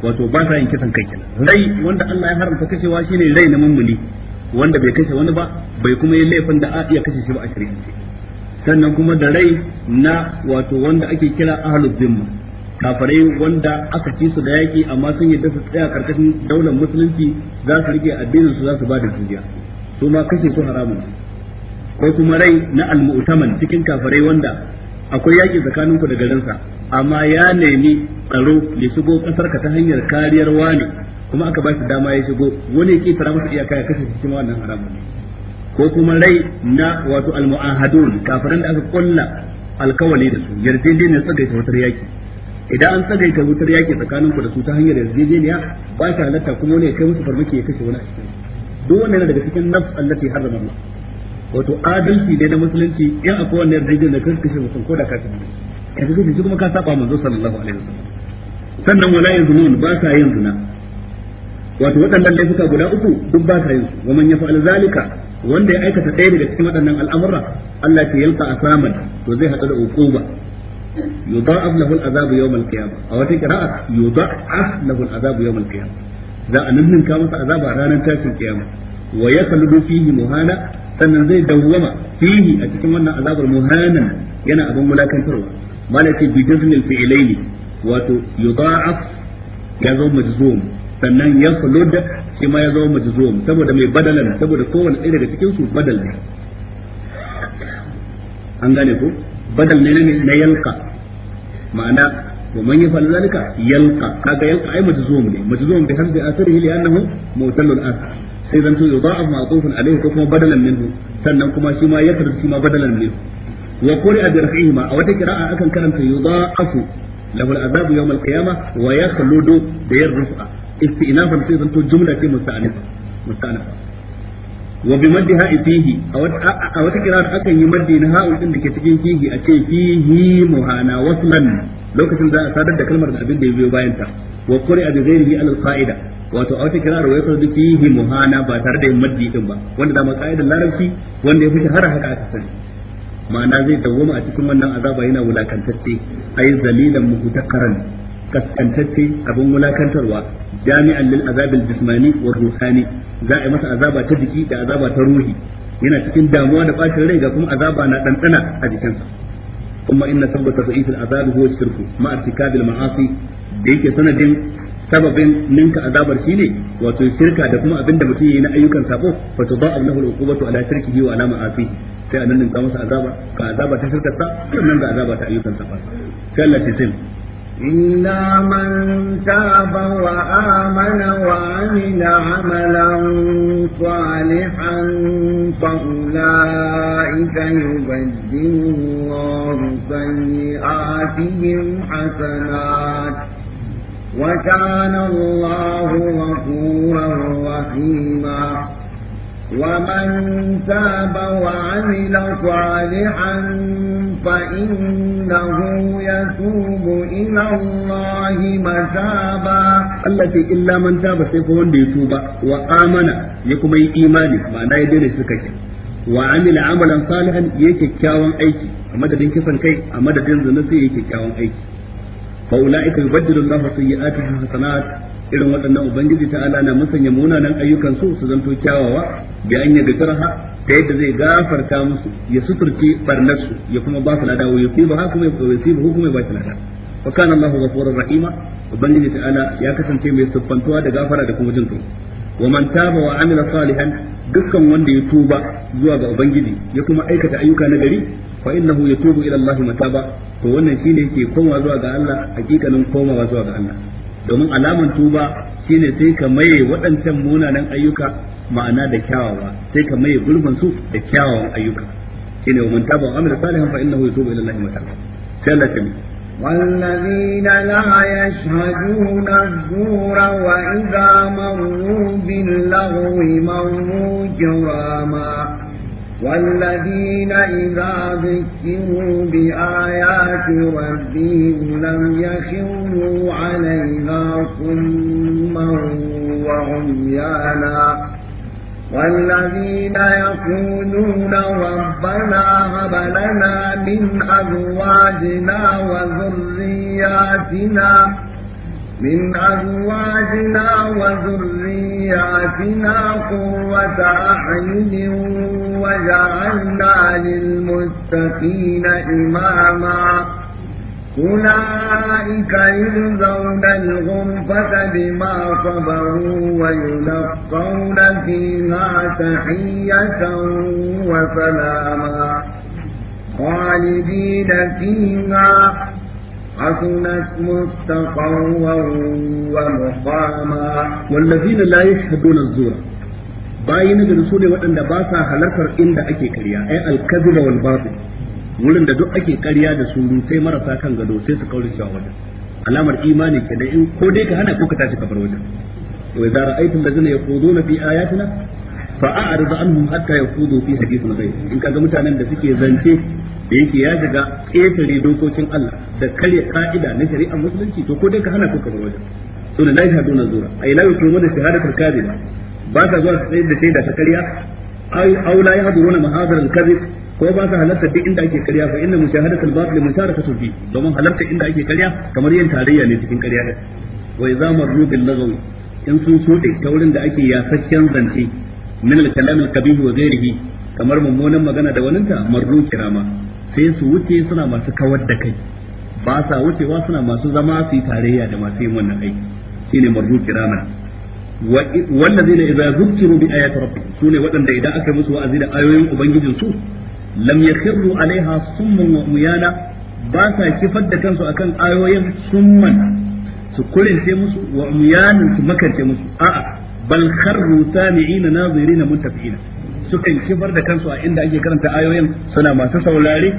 Speaker 1: wato ba sa yin kisan kai kenan rai wanda Allah ya haramta kashewa shine rai na mummuni wanda bai kashe wani ba bai kuma yi laifin da a iya kashe shi ba a shari'ance sannan kuma da rai na wato wanda ake kira ahlul zimma kafirai wanda aka ci su da yaki amma sun yi su tsaya karkashin daular musulunci za su rike addinin su za su bada jiya su ma kashe su haramun ko kuma rai na almu'taman cikin kafirai wanda akwai yaki tsakanin ku da garinsa amma ya nemi tsaro ya shigo kasar ka ta hanyar kariyar wani kuma aka ba shi dama ya shigo wani ya fara masa iyaka ya kashe cikin wannan haramun ko kuma rai na wato almu'ahadun kafiran da aka kulla alkawali da su yarjejeniyar tsagaita wutar yaki idan an tsagai wutar yaki tsakanin ku da su ta hanyar yarjejeniya ba ta halatta kuma wani ya kai musu farmaki ya kashe wani a cikin duk wannan daga cikin nafs allati harrama Allah wato adalci dai na musulunci in akwai wannan yarjejeniya da kai kashe mutum ko da kafin yanzu kace shi kuma ka saba manzo sallallahu alaihi wasallam sannan wala yazunun ba sa yin zina wato waɗannan laifuka guda uku duk ba sa yin su wa man yafa'al zalika wanda ya aikata ɗaya daga cikin waɗannan al'amura Allah ya yalqa asaman to zai hada da uquba yudha'af lahu al'azabu yawm al-qiyamah a wata qira'a yudha'af lahu al'azabu yawm al-qiyamah za a nan ka masa azaba ranar tashin kiyama wa yakhludu fihi muhana sannan zai dawwama fihi a cikin wannan azabar muhanan yana abin mulakantarwa malaka bi jazmil fi'laini wato yudha'af ya zo majzum sannan ya fulud shi ma ya zama majzum saboda mai badalan saboda kowanne ɗaya daga cikin su badal ne an gane ko badal ne na yalka ma'ana ومن يفعل ذلك يلقى هذا يلقى أي مجزوم لي مجزوم بحسب آثره لأنه معتل الآثار sai zanto yudha'af ma'tufun alayhi ko kuma badalan minhu sannan kuma shi ma yakar shi ma badalan minhu wa quri a dirhihi ma a wata qira'a akan karanta yudha'afu lahu al'adabu yawm al-qiyamah wa da yarfa istinafan sai zanto jumla ce musta'anifa wa bi maddi ha'i fihi a wata kira da akan yi maddi na ha'u din da ke cikin fihi a ce fihi muhana waslan lokacin za a sadar da kalmar da abin da ya biyo bayan ta wa qur'a bi ghairihi al qa'ida wato a wata kira da wayar da fihi muhana ba tare da yin maddi din ba wanda da ma larabci wanda ya fi har haka aka sani ma'ana zai dawwama a cikin wannan azaba yana wulakantacce ai zalilan muhtaqaran kaskantacce abin wulakantarwa jami'an lil azabil jismani wa ruhani za a yi masa azaba ta jiki da azaba ta ruhi yana cikin damuwa da bacin rai ga kuma azaba na ɗanɗana a jikinsa kuma inna sabbata sa'ifil azabi huwa shirku ma artikabil ma'asi da yake sanadin sababin ninka azabar shine wato shirka da kuma abinda mutum yayi na ayyukan sabo fa tudha'u lahu al-uqubatu ala shirkihi wa ala ma'asihi sai anan ninka masa azaba ka azaba ta shirkarsa sannan ga azaba ta ayyukan sabo sai Allah ya tsaya
Speaker 2: إلا من تاب وآمن وعمل عملا صالحا فأولئك يبدل الله سيئاتهم حسنات وكان الله غفورا رحيما ومن تاب وعمل صالحا فإنه يتوب إلى الله متابا
Speaker 1: التي إلا من تاب سيكون يتوب وآمن يكم أي إيمان ما لا يدري سكك وعمل عملا صالحا يككاوان أيكي أما دين كفن كي أما دين زنسي يككاوان أيكي فأولئك يبدل الله سيئاتهم حسنات irin waɗannan ubangiji ta ala na musanya munanan ayyukan su su zanto kyawawa da an ya ha ta yadda zai gafarta musu ya suturce barnar su ya kuma ba su lada wa ha kuma ya yusibahu kuma ya ba su lada wa kana Allahu ghafurur rahima ubangiji ta ala ya kasance mai siffantuwa da gafara da kuma jin kai wa man taba wa amila salihan dukkan wanda ya tuba zuwa ga ubangiji ya kuma aikata ayyuka na gari fa innahu yatubu ila Allah mataba to wannan shine yake komawa zuwa ga Allah hakikanin komawa zuwa ga Allah domin alaman tuba shine sai ka maye waɗancan munanan ayyuka ma'ana da kyawawa sai ka maye gurbin su da kyawawan ayyuka shine wa man taba wa amila salihan fa innahu yatubu ila Allah mata sai Allah ta
Speaker 2: والذين لا يشهدون الزور وإذا مروا باللغو مروا كراما والذين إذا ذكروا بآيات ربهم لم يخروا عليها صما وعميانا والذين يقولون ربنا هب لنا من أزواجنا وذرياتنا من أزواجنا وذرياتنا قوة أعين وجعلنا للمتقين إماما أولئك يرزون الغرفة بما صبروا ويلقون فيها تحية وسلاما خالدين فيها حسنت مستقرا ومقاما
Speaker 1: والذين لا يشهدون الزور bayi na gari su ne waɗanda ba sa halartar inda ake karya ai alkaziba wal batil wurin da duk ake karya da su sai marasa kan gado sai su kauri cewa wajen alamar imani ke da in ko dai ka hana ko ka tashi kafar ka bar wajen wa idza ra'aytum allazina yaquduna fi ayatina fa a'rid anhum hatta yaqudu fi hadithin ghayr in kaga mutanen da suke zance da yake ya shiga ƙetare dokokin Allah da karya ka'ida na shari'ar musulunci to ko dai ka hana ko ka bar wajen to la yashhaduna zura ay la yuqimuna shahadatul kadhiba ba ta zuwa sai da sai da ta karya Aula ya la yahduruna mahadar ko ba ta halarta duk inda ake karya fa inna mushahadatul batil musharakatu fi domin halarta inda ake karya kamar yin tarayya ne cikin karya da wa idza marru bil lagawi in sun da ta wurin da ake yasakken zance min al kalam al qabih wa ghairihi kamar mummunan magana da waninta marru kirama sai su wuce suna masu kawar da kai ba sa wucewa suna masu zama su yi tarayya da masu yin wannan aiki shine marzu kirama wallazina idza zukiru bi rabbi. Su ne waɗanda idan aka musu wa'azi da ayoyin ubangijin su lam yakhiru alaiha summun wa umyana ba sa kifar da kansu akan ayoyin summan su kurince musu wa umyanan su makance musu a'a bal kharru sami'ina nazirina muntafi'ina sukan kibar da kansu a inda ake karanta ayoyin suna masu saurare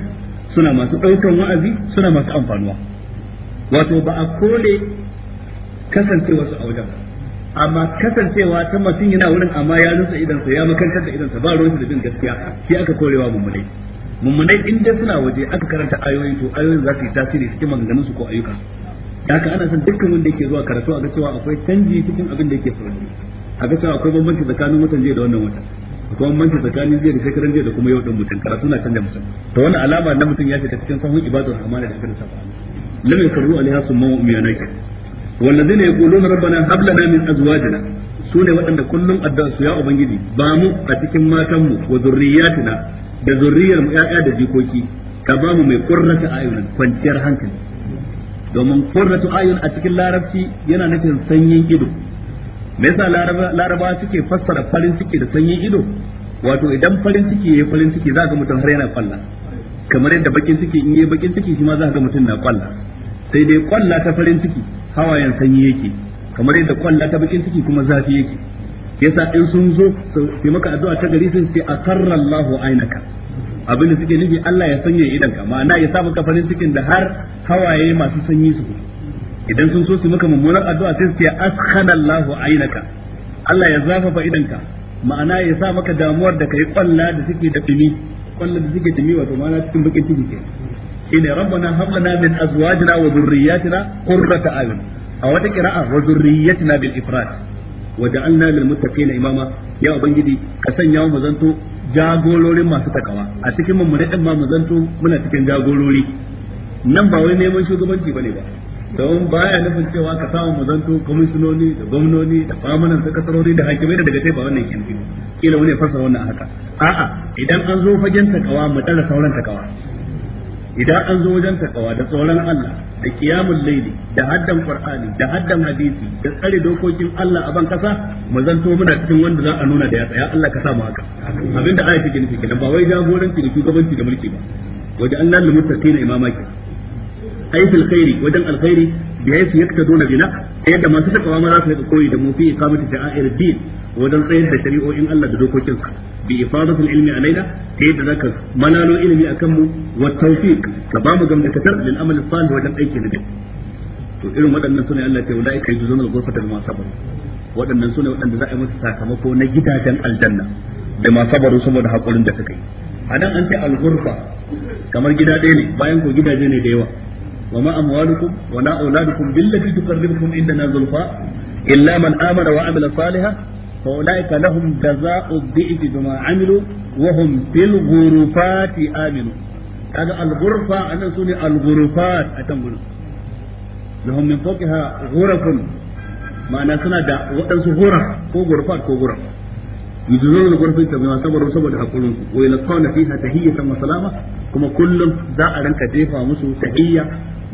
Speaker 1: suna masu ɗaukan wa'azi suna masu amfanuwa wato ba a kone kasancewa su a wajen amma kasancewa ta mutum yana wurin amma ya rusa idansa ya makantar da idansa ba ruwan da bin gaskiya shi aka korewa mummunai mummunai in dai suna waje aka karanta ayoyin to ayoyin za su yi tasiri cikin maganganun su ko ayyuka haka ana son dukkan wanda yake zuwa karatu a ga cewa akwai canji cikin abin da yake faruwa a ga cewa akwai bambanci tsakanin watan jiya da wannan watan akwai bambanci tsakanin jiya da shekaran jiya da kuma yau din mutum karatu na canza mutum to wannan alama na mutum ya ta cikin sahun ibadar rahmani da shekaran safa lam yusarru alaiha summa mu'minuna ladina yaquluna rabbana hab lana min azwajina sune waɗanda kullum addu'a su ya ubangiji ba mu a cikin matanmu wa zurriyatina da zurriyar mu ƴaƴa da jikoki ka ba mu mai qurratu ayunan kwanciyar hankali domin qurratu ayun a cikin larabci yana nufin sanyin ido me yasa laraba suke fassara farin ciki da sanyin ido wato idan farin ciki yayi farin ciki za ga mutum har yana kwalla kamar yadda bakin ciki in yayi bakin ciki shi ma za ga mutum na kwalla sai dai kwalla ta farin ciki hawayen sanyi yake kamar yadda kwalla ta bakin ciki kuma zafi yake yasa in sun zo sai maka addu'a ta gari sun ce akarra Allahu ainaka da suke nufi Allah ya sanya idan ka ma'ana ya sa maka farin cikin da har hawaye masu sanyi su idan sun so su maka mummunar addu'a sai su ce askhana Allahu aynaka Allah ya zafafa idanka ma'ana ya sa maka damuwar da kai kwalla da suke da dumi kwalla da suke dumi wato ma'ana cikin bakin ciki ke shine rabbana hab lana min azwajina wa dhurriyyatina qurrata a'yun a wata qira'a wa dhurriyyatina bil ifrat waja'alna lil muttaqina imama ya ubangiji ka sanya mu zanto jagororin masu takawa a cikin mu mu ma mu zanto muna cikin jagorori nan ba wai neman shugabanci bane ba don baya nufin cewa ka samu mu kwamishinoni da gwamnoni da da sakasarori da hakimai da daga ba wannan biyu kila wani fasa wannan haka a'a idan an zo fagen takawa mu tsara sauran takawa idan an zo wajen takawa da tsoron Allah da kiyamul laili da haddan qur'ani da haddan hadisi da tsare dokokin Allah a ban kasa mu zanto muna cikin wanda za a nuna da ya tsaya Allah ka sa mu haka abinda aya ke nufi kenan ba wai jagoranci da shugabanci da mulki ba wajen annal muttaqina imamaki ay fil khairi wajen alkhairi bi haythu yaktaduna bina yadda masu takawa ma za su yi koyi da mu fi iqamati da'air din wajen tsayar da shari'o'in Allah da dokokin sa bi ifadatu ilmi alaina ta yadda zaka malalo ilimi akan mu wa ka ba mu gamdakatar lil amal salih wajen aiki da to irin waɗannan sune Allah ta wala kai zuzun al-ghurfatal masabar waɗannan sune waɗanda za a yi musu sakamako na gidajen aljanna da masabaru saboda hakurin da suka a nan an ce al kamar gida bayan ko gidaje ne da yawa وما أموالكم ولا أولادكم بالتي تقربكم عندنا زلفى إلا من آمن وعمل صالحا فأولئك لهم جزاء الضئب بما عملوا وهم في الغرفات آمنوا هذا الغرفة أنا سوني الغرفات أتمنى لهم من فوقها غرف ma'ana suna da waɗansu hura ko gurfat ko guraf yujuzun da gurfin ta bima saboda saboda hakurin su wa yalqawna fiha tahiyatan wa kuma kullum za a ranka jefa musu tahiyya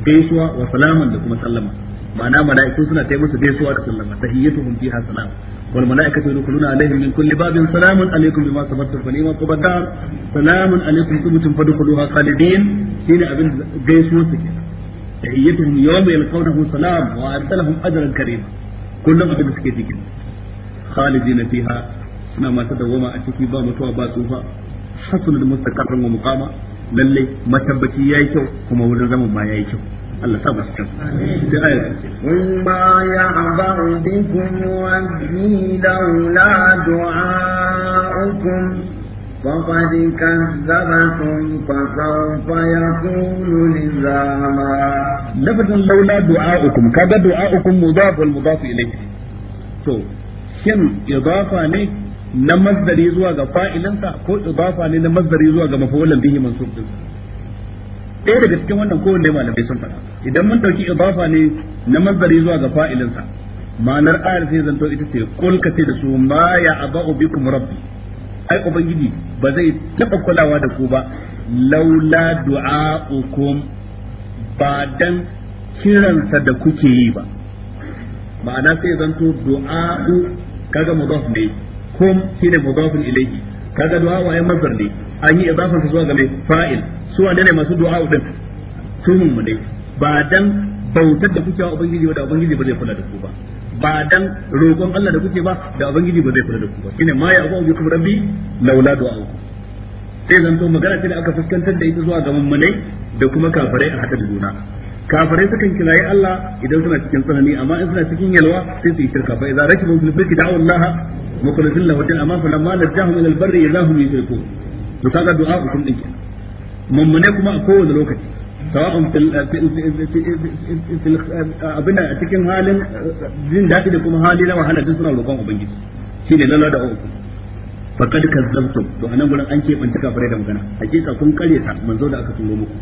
Speaker 1: gaisuwa wa salaman da kuma sallama ma'ana mala'iku suna ta musu gaisuwa da sallama tahiyyatuhum fiha salam wal mala'ikatu yadkhuluna alaihim min kulli babin salamun alaikum bima sabartum fa ni'ma qabdar salamun alaikum tubtum fadkhuluha khalidin shine abin gaisuwa su kenan tahiyyatuhum yawma yalqawnahu salam wa arsalahum ajran karima kullum abin da suke cikin khalidina fiha suna masu dawama a ciki ba mutuwa ba tsufa hasunul mustaqarran wa muqama lalle matabbaci yayi kyau kuma wurin zaman ma yi kyau Allah sa masu kyau sai
Speaker 2: ayar ya abaru bikum wa bi laula du'a'ukum فقد كذبتم فسوف يكون لزاما لفظ لولا دعاؤكم كذا
Speaker 1: ne na mazdari zuwa ga fa'ilinsa ko idafa ne na mazdari zuwa ga mafulan bihi mansub din ɗaya daga cikin wannan kowanne malamai sun faɗa idan mun ɗauki idafa ne na mazdari zuwa ga fa'ilinsa ma'anar ayar sai zanto ita ce kul ka ce da su ma ya aba'u bikum rabbi ai ubangiji ba zai taɓa kulawa da ku ba laula du'a'ukum ba dan kiransa da kuke yi ba ma'ana sai zanto du'a'u kaga mudaf ne kun shine mudafun ilayhi kaga du'a wa ayyan mazhar ne an yi idafan su zuwa ga mai fa'il su wanda ne masu du'a din su mun ne ba dan bautar da kuke wa ubangiji ba da ubangiji ba zai kula da ku ba ba dan roƙon Allah da kuke ba da ubangiji ba zai kula da ku ba shine ma ya abu bikum rabbi laula du'a sai zan to magana ce da aka fuskantar da ita zuwa ga ne da kuma kafirai a hada da juna kafirai sukan kirayi Allah idan suna cikin tsanani amma in suna cikin yalwa sai su yi shirka fa idza rakibu fil fulki da'u Allah mukhlisin lahu din amma falamma najahum ila al-barri idahum yushrikun to kaga du'a kun din mummune kuma a kowane lokaci sawa'un fil abinda a cikin halin eh, jin dadi da kuma hali na wahala duk suna roƙon ubangiji shine lalla da uku faqad kazzabtum to anan gurin an ce keɓanta kafirai da magana hakika kun kare ta manzo da aka tuno muku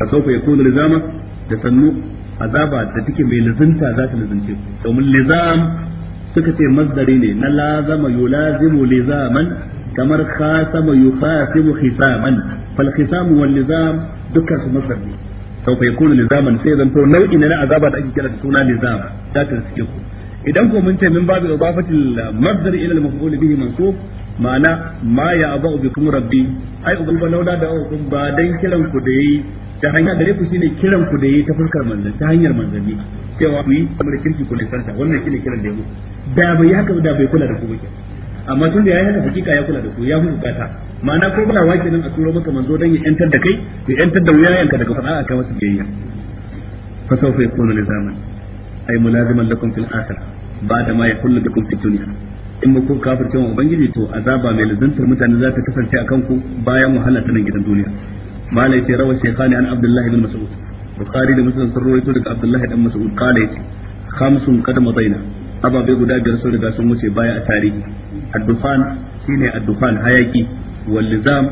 Speaker 1: fa sawfa yakunu lizama da sannu azaba da take mai lazimta za ta lazimce ku domin lizam suka ce masdari ne na lazama yulazimu lizaman kamar khasama yukhasimu khisaman fal khisamu wal lizam dukkan su masdar ne sau fa yakunu lizaman sai zan to nau'i na azaba da ake kira da suna lizam za ta lazimce ku idan ko mun ce min babu idafatil masdar ila al maf'ul bihi mansub ma'ana ma ya abu bikum rabbi ai ubul balawla da ba dan kiran ku da yi. ta hanya gare ku shine kiran ku da yi ta fuskar manzan ta hanyar manzanni cewa ku yi amurka kirki ku santa wannan shine kiran da ya muku da bai haka da bai kula da ku ba amma tun da ya yi haka hakika ya kula da ku ya muku kata ma'ana ko bala wake nan a turo maka manzo dan ya yantar da kai ya yantar da wuyayenka daga a kai masa biyayya fa sawfa yakunu zaman. ay mulaziman lakum fil Ba ba'da ma yakunu bikum fid dunya in ku kafirce wa ubangiji to azaba mai lazantar mutane za ta kasance akan ku bayan wahala ta nan gidan duniya malai ce rawa shaykhani an abdullahi bin mas'ud bukhari da muslim sun rawaito daga abdullahi dan mas'ud kala yace khamsun qad madaina ababe guda biyar sun riga sun wuce baya a tarihi addufan shine addufan hayaki wal lizam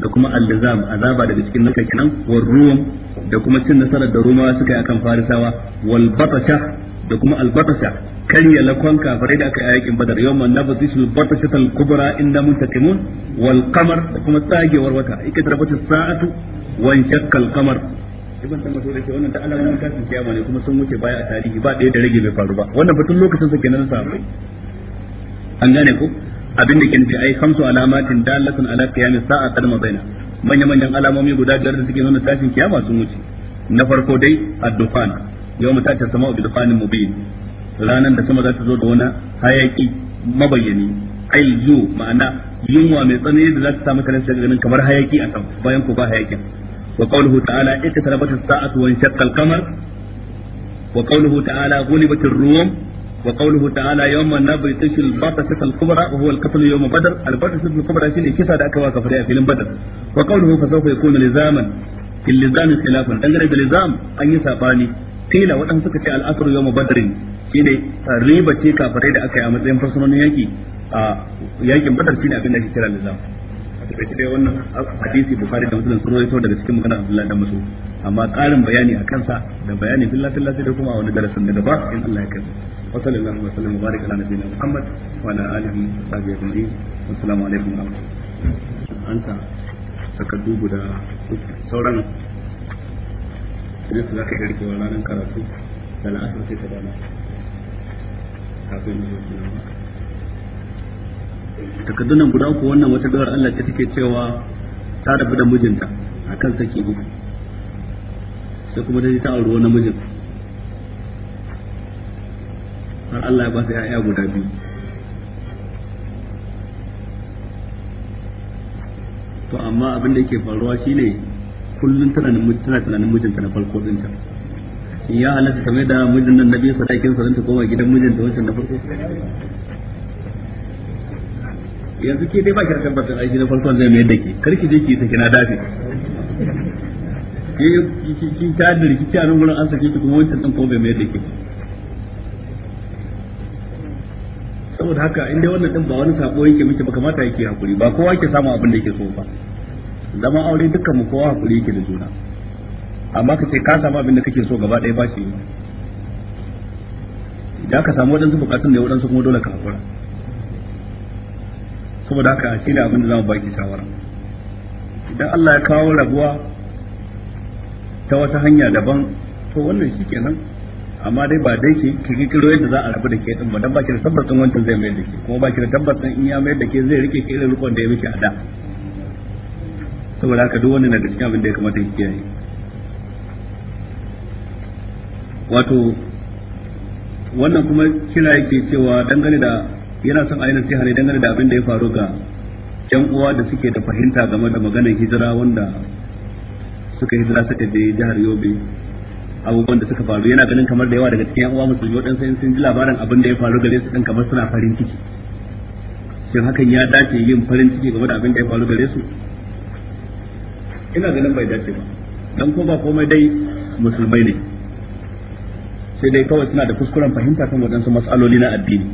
Speaker 1: da kuma al-lizam azaba daga cikin naka kenan wal da kuma cin nasarar da rumawa suka yi akan farisawa wal da kuma al karya lakon kafirai da aka yi yakin badar yawma nabtisul batashatal kubra inda muntaqimun wal kamar da kuma tsagewar wata ika tarbatis sa'atu wan shakkal qamar ibn dan maso da ke wannan da alamomin kafin kiyama ne kuma sun wuce baya a tarihi ba ɗaya da rage bai faru ba wannan batun lokacin sa kenan sahabbai an gane ko abin da ke nufi ai khamsu alamatin dalatun ala qiyamis sa'a qad mabaina manyan manyan alamomi guda biyar da suke nuna tashin kiyama sun wuce na farko dai ad-dufan yawma ta ta sama'u bi dufanin mubin ranar da sama za ta zo da wani hayaki mabayyani aizu ma'ana yunwa mai tsanani da za ta samu kanin sai ganin kamar hayaki a sama bayan ko ba hayakin wa qawluhu ta'ala ita as-sa'atu wa inshaqqa al-qamar wa qawluhu ta'ala ghulibat ar-rum wa qawluhu ta'ala yawma nabtishu al-batasha al-kubra wa huwa al-qatl yawm badr al-batasha al-kubra shine kisa da aka waka fara a filin badr wa qawluhu fa sawfa yakunu lizaman fil lizam khilafan dangane da lizam an yi sabani kila wadan suka ce al-asr yawm badr ne riba ce kafirai da aka yi a matsayin fursunonin yaki a yakin badar ne abin da ake kira nizam take dai wannan hadisi bukari da muslim sun yato daga cikin magana abdullahi dan mas'ud amma karin bayani a kansa da bayani billahi billahi da kuma a wani darasin da gaba in Allah ya kai wa sallallahu wa sallam barik ala nabiyina muhammad wa ala alihi wa sahbihi ajma'in assalamu alaikum wa rahmatullahi anta dubu da sauran idan su zaka rikewa ranar karatu da la'asar sai ta dama takaddunan guda uku wannan wata dawar Allah ta take cewa ta rabu da mijinta a kan sake uku sai kuma ta ta auri wani mijin har Allah ya ba su ya'ya guda biyu to amma abin da yake faruwa shine kullum tana tunanin mijinta na farko ɗinta ya halatta kamar da mijin nan na biyu sadakin sa ta koma gidan mijin da wancan na farko yanzu ke dai ba ki da tabbatar aiki na farko zai mai yadda ke karki je ki ta kina dafi ke ki ta da rikici a nan gurin an sake ki kuma wancan dan kuma bai mai yadda ke saboda haka in dai wannan din ba wani sako yake miki ba kamata yake hakuri ba kowa yake samu abin da yake so ba zama aure dukkan mu kowa hakuri yake da juna amma ka ce ka samu abin da kake so gaba ɗaya ba shi yi da ka samu waɗansu bukatun da waɗansu kuma dole ka haƙura saboda haka shi ne abin da za mu baki shawara idan Allah ya kawo rabuwa ta wata hanya daban to wannan shi kenan amma dai ba dai ki kirkiro yadda za a rabu da ke din ba dan baki da tabbacin wancan zai mai da ke kuma baki da tabbacin in ya mai da ke zai rike ki irin rukon da ya miki a da saboda haka duk wani na da cikin abin da ya kamata ki kiyaye wato wannan kuma kira yake cewa dangane da yana son ainihin sai ne dangane da abin da ya faru ga yan uwa da suke da fahimta game da maganar hijira wanda suka hijira suka je jihar Yobe abubuwan da suka faru yana ganin kamar da yawa daga cikin yan uwa musulmi waɗansu sun ji labarin abin da ya faru gare su ɗin kamar suna farin ciki shin hakan ya dace yin farin ciki game da abin da ya faru gare su ina ganin bai dace ba dan ko ba komai dai musulmai ne sai dai kawai suna da kuskuren fahimta kan wadansu matsaloli na addini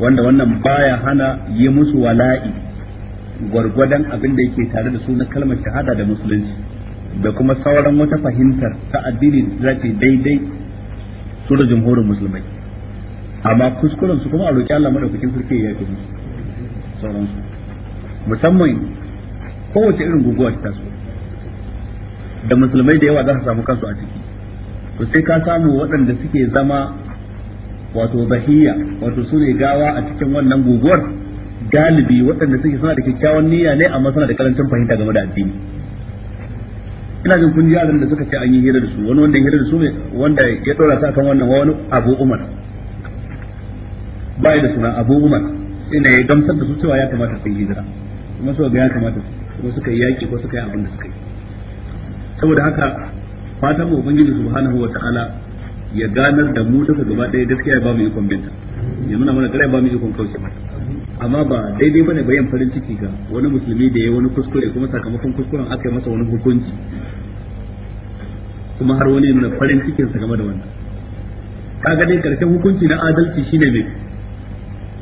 Speaker 1: wanda wannan baya hana yi musu wala'i gwargwadon abin da yake tare da su na kalmar shahada da musulunci da kuma sauran wata fahimtar ta addini da za daidai su da jamhurin musulmai amma kuskuren su kuma a roƙi Allah madaukakin sarki ya yi musu sauran su musamman kowace irin guguwa ta taso da musulmai da yawa za su samu kansu a ciki to sai ka samu waɗanda suke zama wato bahiya wato su ne gawa a cikin wannan guguwar galibi waɗanda suke suna da kyakkyawan niyya ne amma suna da karancin fahimta game da addini ina jin kun ji yaran da suka ce an yi hira da su wani wanda hira da su ne wanda ya dora ta kan wannan wani Abu Umar bai da suna Abu Umar ina ya gamsar da su cewa ya kamata su hijira kuma su ga ya kamata su kuma suka yi yaƙi ko suka yi abin da suka yi saboda haka fatan mu ubangiji subhanahu wa ta'ala ya ganar da mu duka gaba ɗaya gaskiya ba mu ikon binta ya nuna mana kare ba mu ikon kauce mata amma ba daidai bane bayan farin ciki ga wani musulmi da ya wani kuskure kuma sakamakon kuskuren aka yi masa wani hukunci kuma har wani nuna farin cikin sa game da wannan kaga dai karshen hukunci na adalci shine ne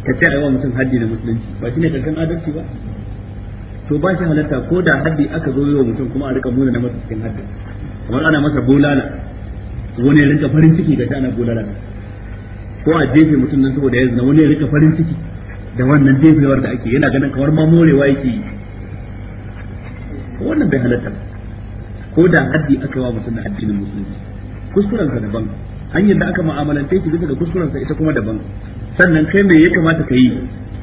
Speaker 1: ka ce aiwa mutum haddi na musulunci ba shine karshen adalci ba to ba shi halatta ko da haddi aka zo yi wa mutum kuma a rika muna na masa cikin haddi wani ana masa bulala wani ya rinka farin ciki ga ana bulala ko a jefe mutum nan saboda ya zina wani ya rinka farin ciki da wannan jefewar da ake yana ganin kamar ma morewa yake yi wannan bai halatta ko da haddi aka wa mutum da addinin musulunci kuskurensa daban hanyar da aka mu'amalance shi bisa ga kuskurensa ita kuma daban sannan kai me ya kamata ka yi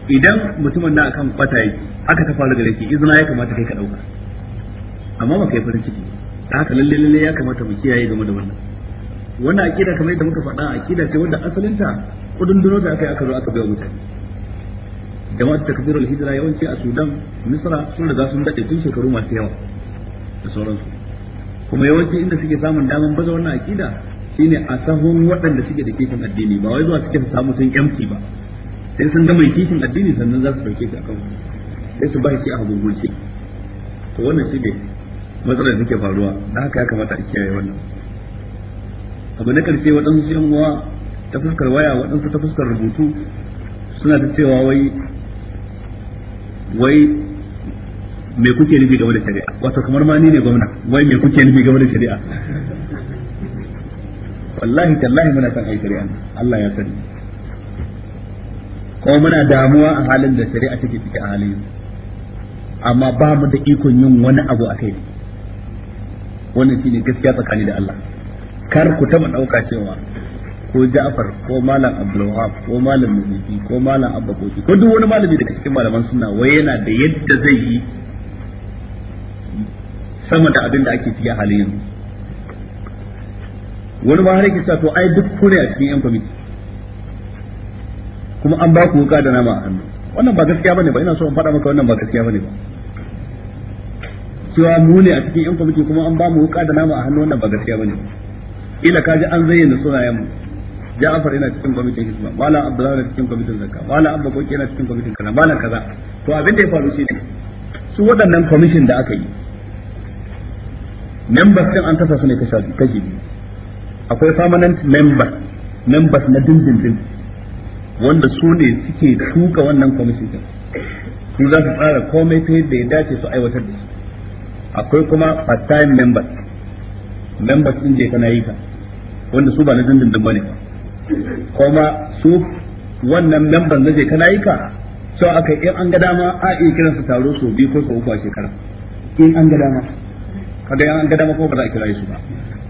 Speaker 1: idan mutumin na akan kwata yake aka ta faru gare shi izina ya kamata kai ka dauka amma ba kai farin ciki ba haka lalle lalle ya kamata mu kiyaye game da wannan wannan akida kamar yadda muka faɗa akida ce wanda asalinta kudin duno da aka yi aka zo aka bai mutane jama'at takbirul hijira yawanci a Sudan Misra sun riga sun daɗe tun shekaru masu yawa da sauransu kuma yawanci inda suke samun daman baza wannan akida shine a sahun waɗanda suke da kishin addini ba wai zuwa suke samu sun MC ba sai sun ga mai kishin addini sannan za su dauke shi akan sai su ba shi a gurgurce to wannan shi ne matsalar da take faruwa da haka ya kamata a kiyaye wannan abu na karshe waɗansu yan uwa ta fuskar waya waɗansu ta fuskar rubutu suna ta cewa wai wai me kuke nufi game da shari'a wato kamar ma ni ne gwamna wai me kuke nufi game da shari'a wallahi tallahi muna san ai shari'a Allah ya sani ko muna damuwa a halin da shari'a take ciki a halin amma ba mu da ikon yin wani abu a kai wannan ne gaskiya tsakani da Allah kar ku taba dauka cewa ko Ja'far ko Malam Abdul Wahab ko Malam Muziki ko Malam Abba Koki ko duk wani malami daga cikin malaman sunna wai yana da yadda zai yi sama da abin da ake fiye halin yanzu wani ma har yake cewa to ai duk kure a cikin yan kwamiti kuma an ba ku wuka da nama a hannu wannan ba gaskiya bane ba ina so in faɗa maka wannan ba gaskiya bane ba cewa mu ne a cikin yan kwamiti kuma an ba mu wuka da nama a hannu wannan ba gaskiya bane ila kaji an zayyana sunayen mu Ja'far yana cikin kwamitin Hizba Malam Abdullahi yana cikin kwamitin Zakka Malam Abba Koki yana cikin kwamitin kaza Malam kaza to abin da ya faru shi ne su waɗannan kwamishin da aka yi members din an kasa su ne kashi kashi akwai permanent members members na dindindin wanda su ne suke tuka wannan kwamishin din su za su tsara komai ta yadda ya dace su aiwatar da akwai kuma part time members members din je kana yi ka wanda su ba na dindindin bane kuma su wannan members na je kana yi ka so aka in an ga dama a iya kiran su taro so biyu ko so uku a shekara in an ga dama kada an ga dama ko ba za a kira su ba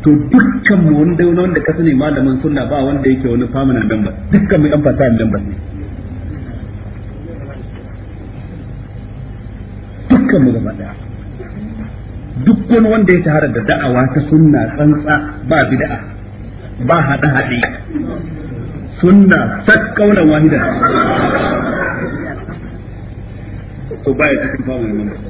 Speaker 1: to dukkan mu wanda wanda ka sani malamin sunna ba wanda yake wani permanent member dukkan mu yan part time members ne dukkan mu gaba daya duk wani wanda ya shahara da da'awa ta sunna tsantsa ba bid'a ba hada hade sunna sat
Speaker 3: kaulan wahida to baya cikin famu ne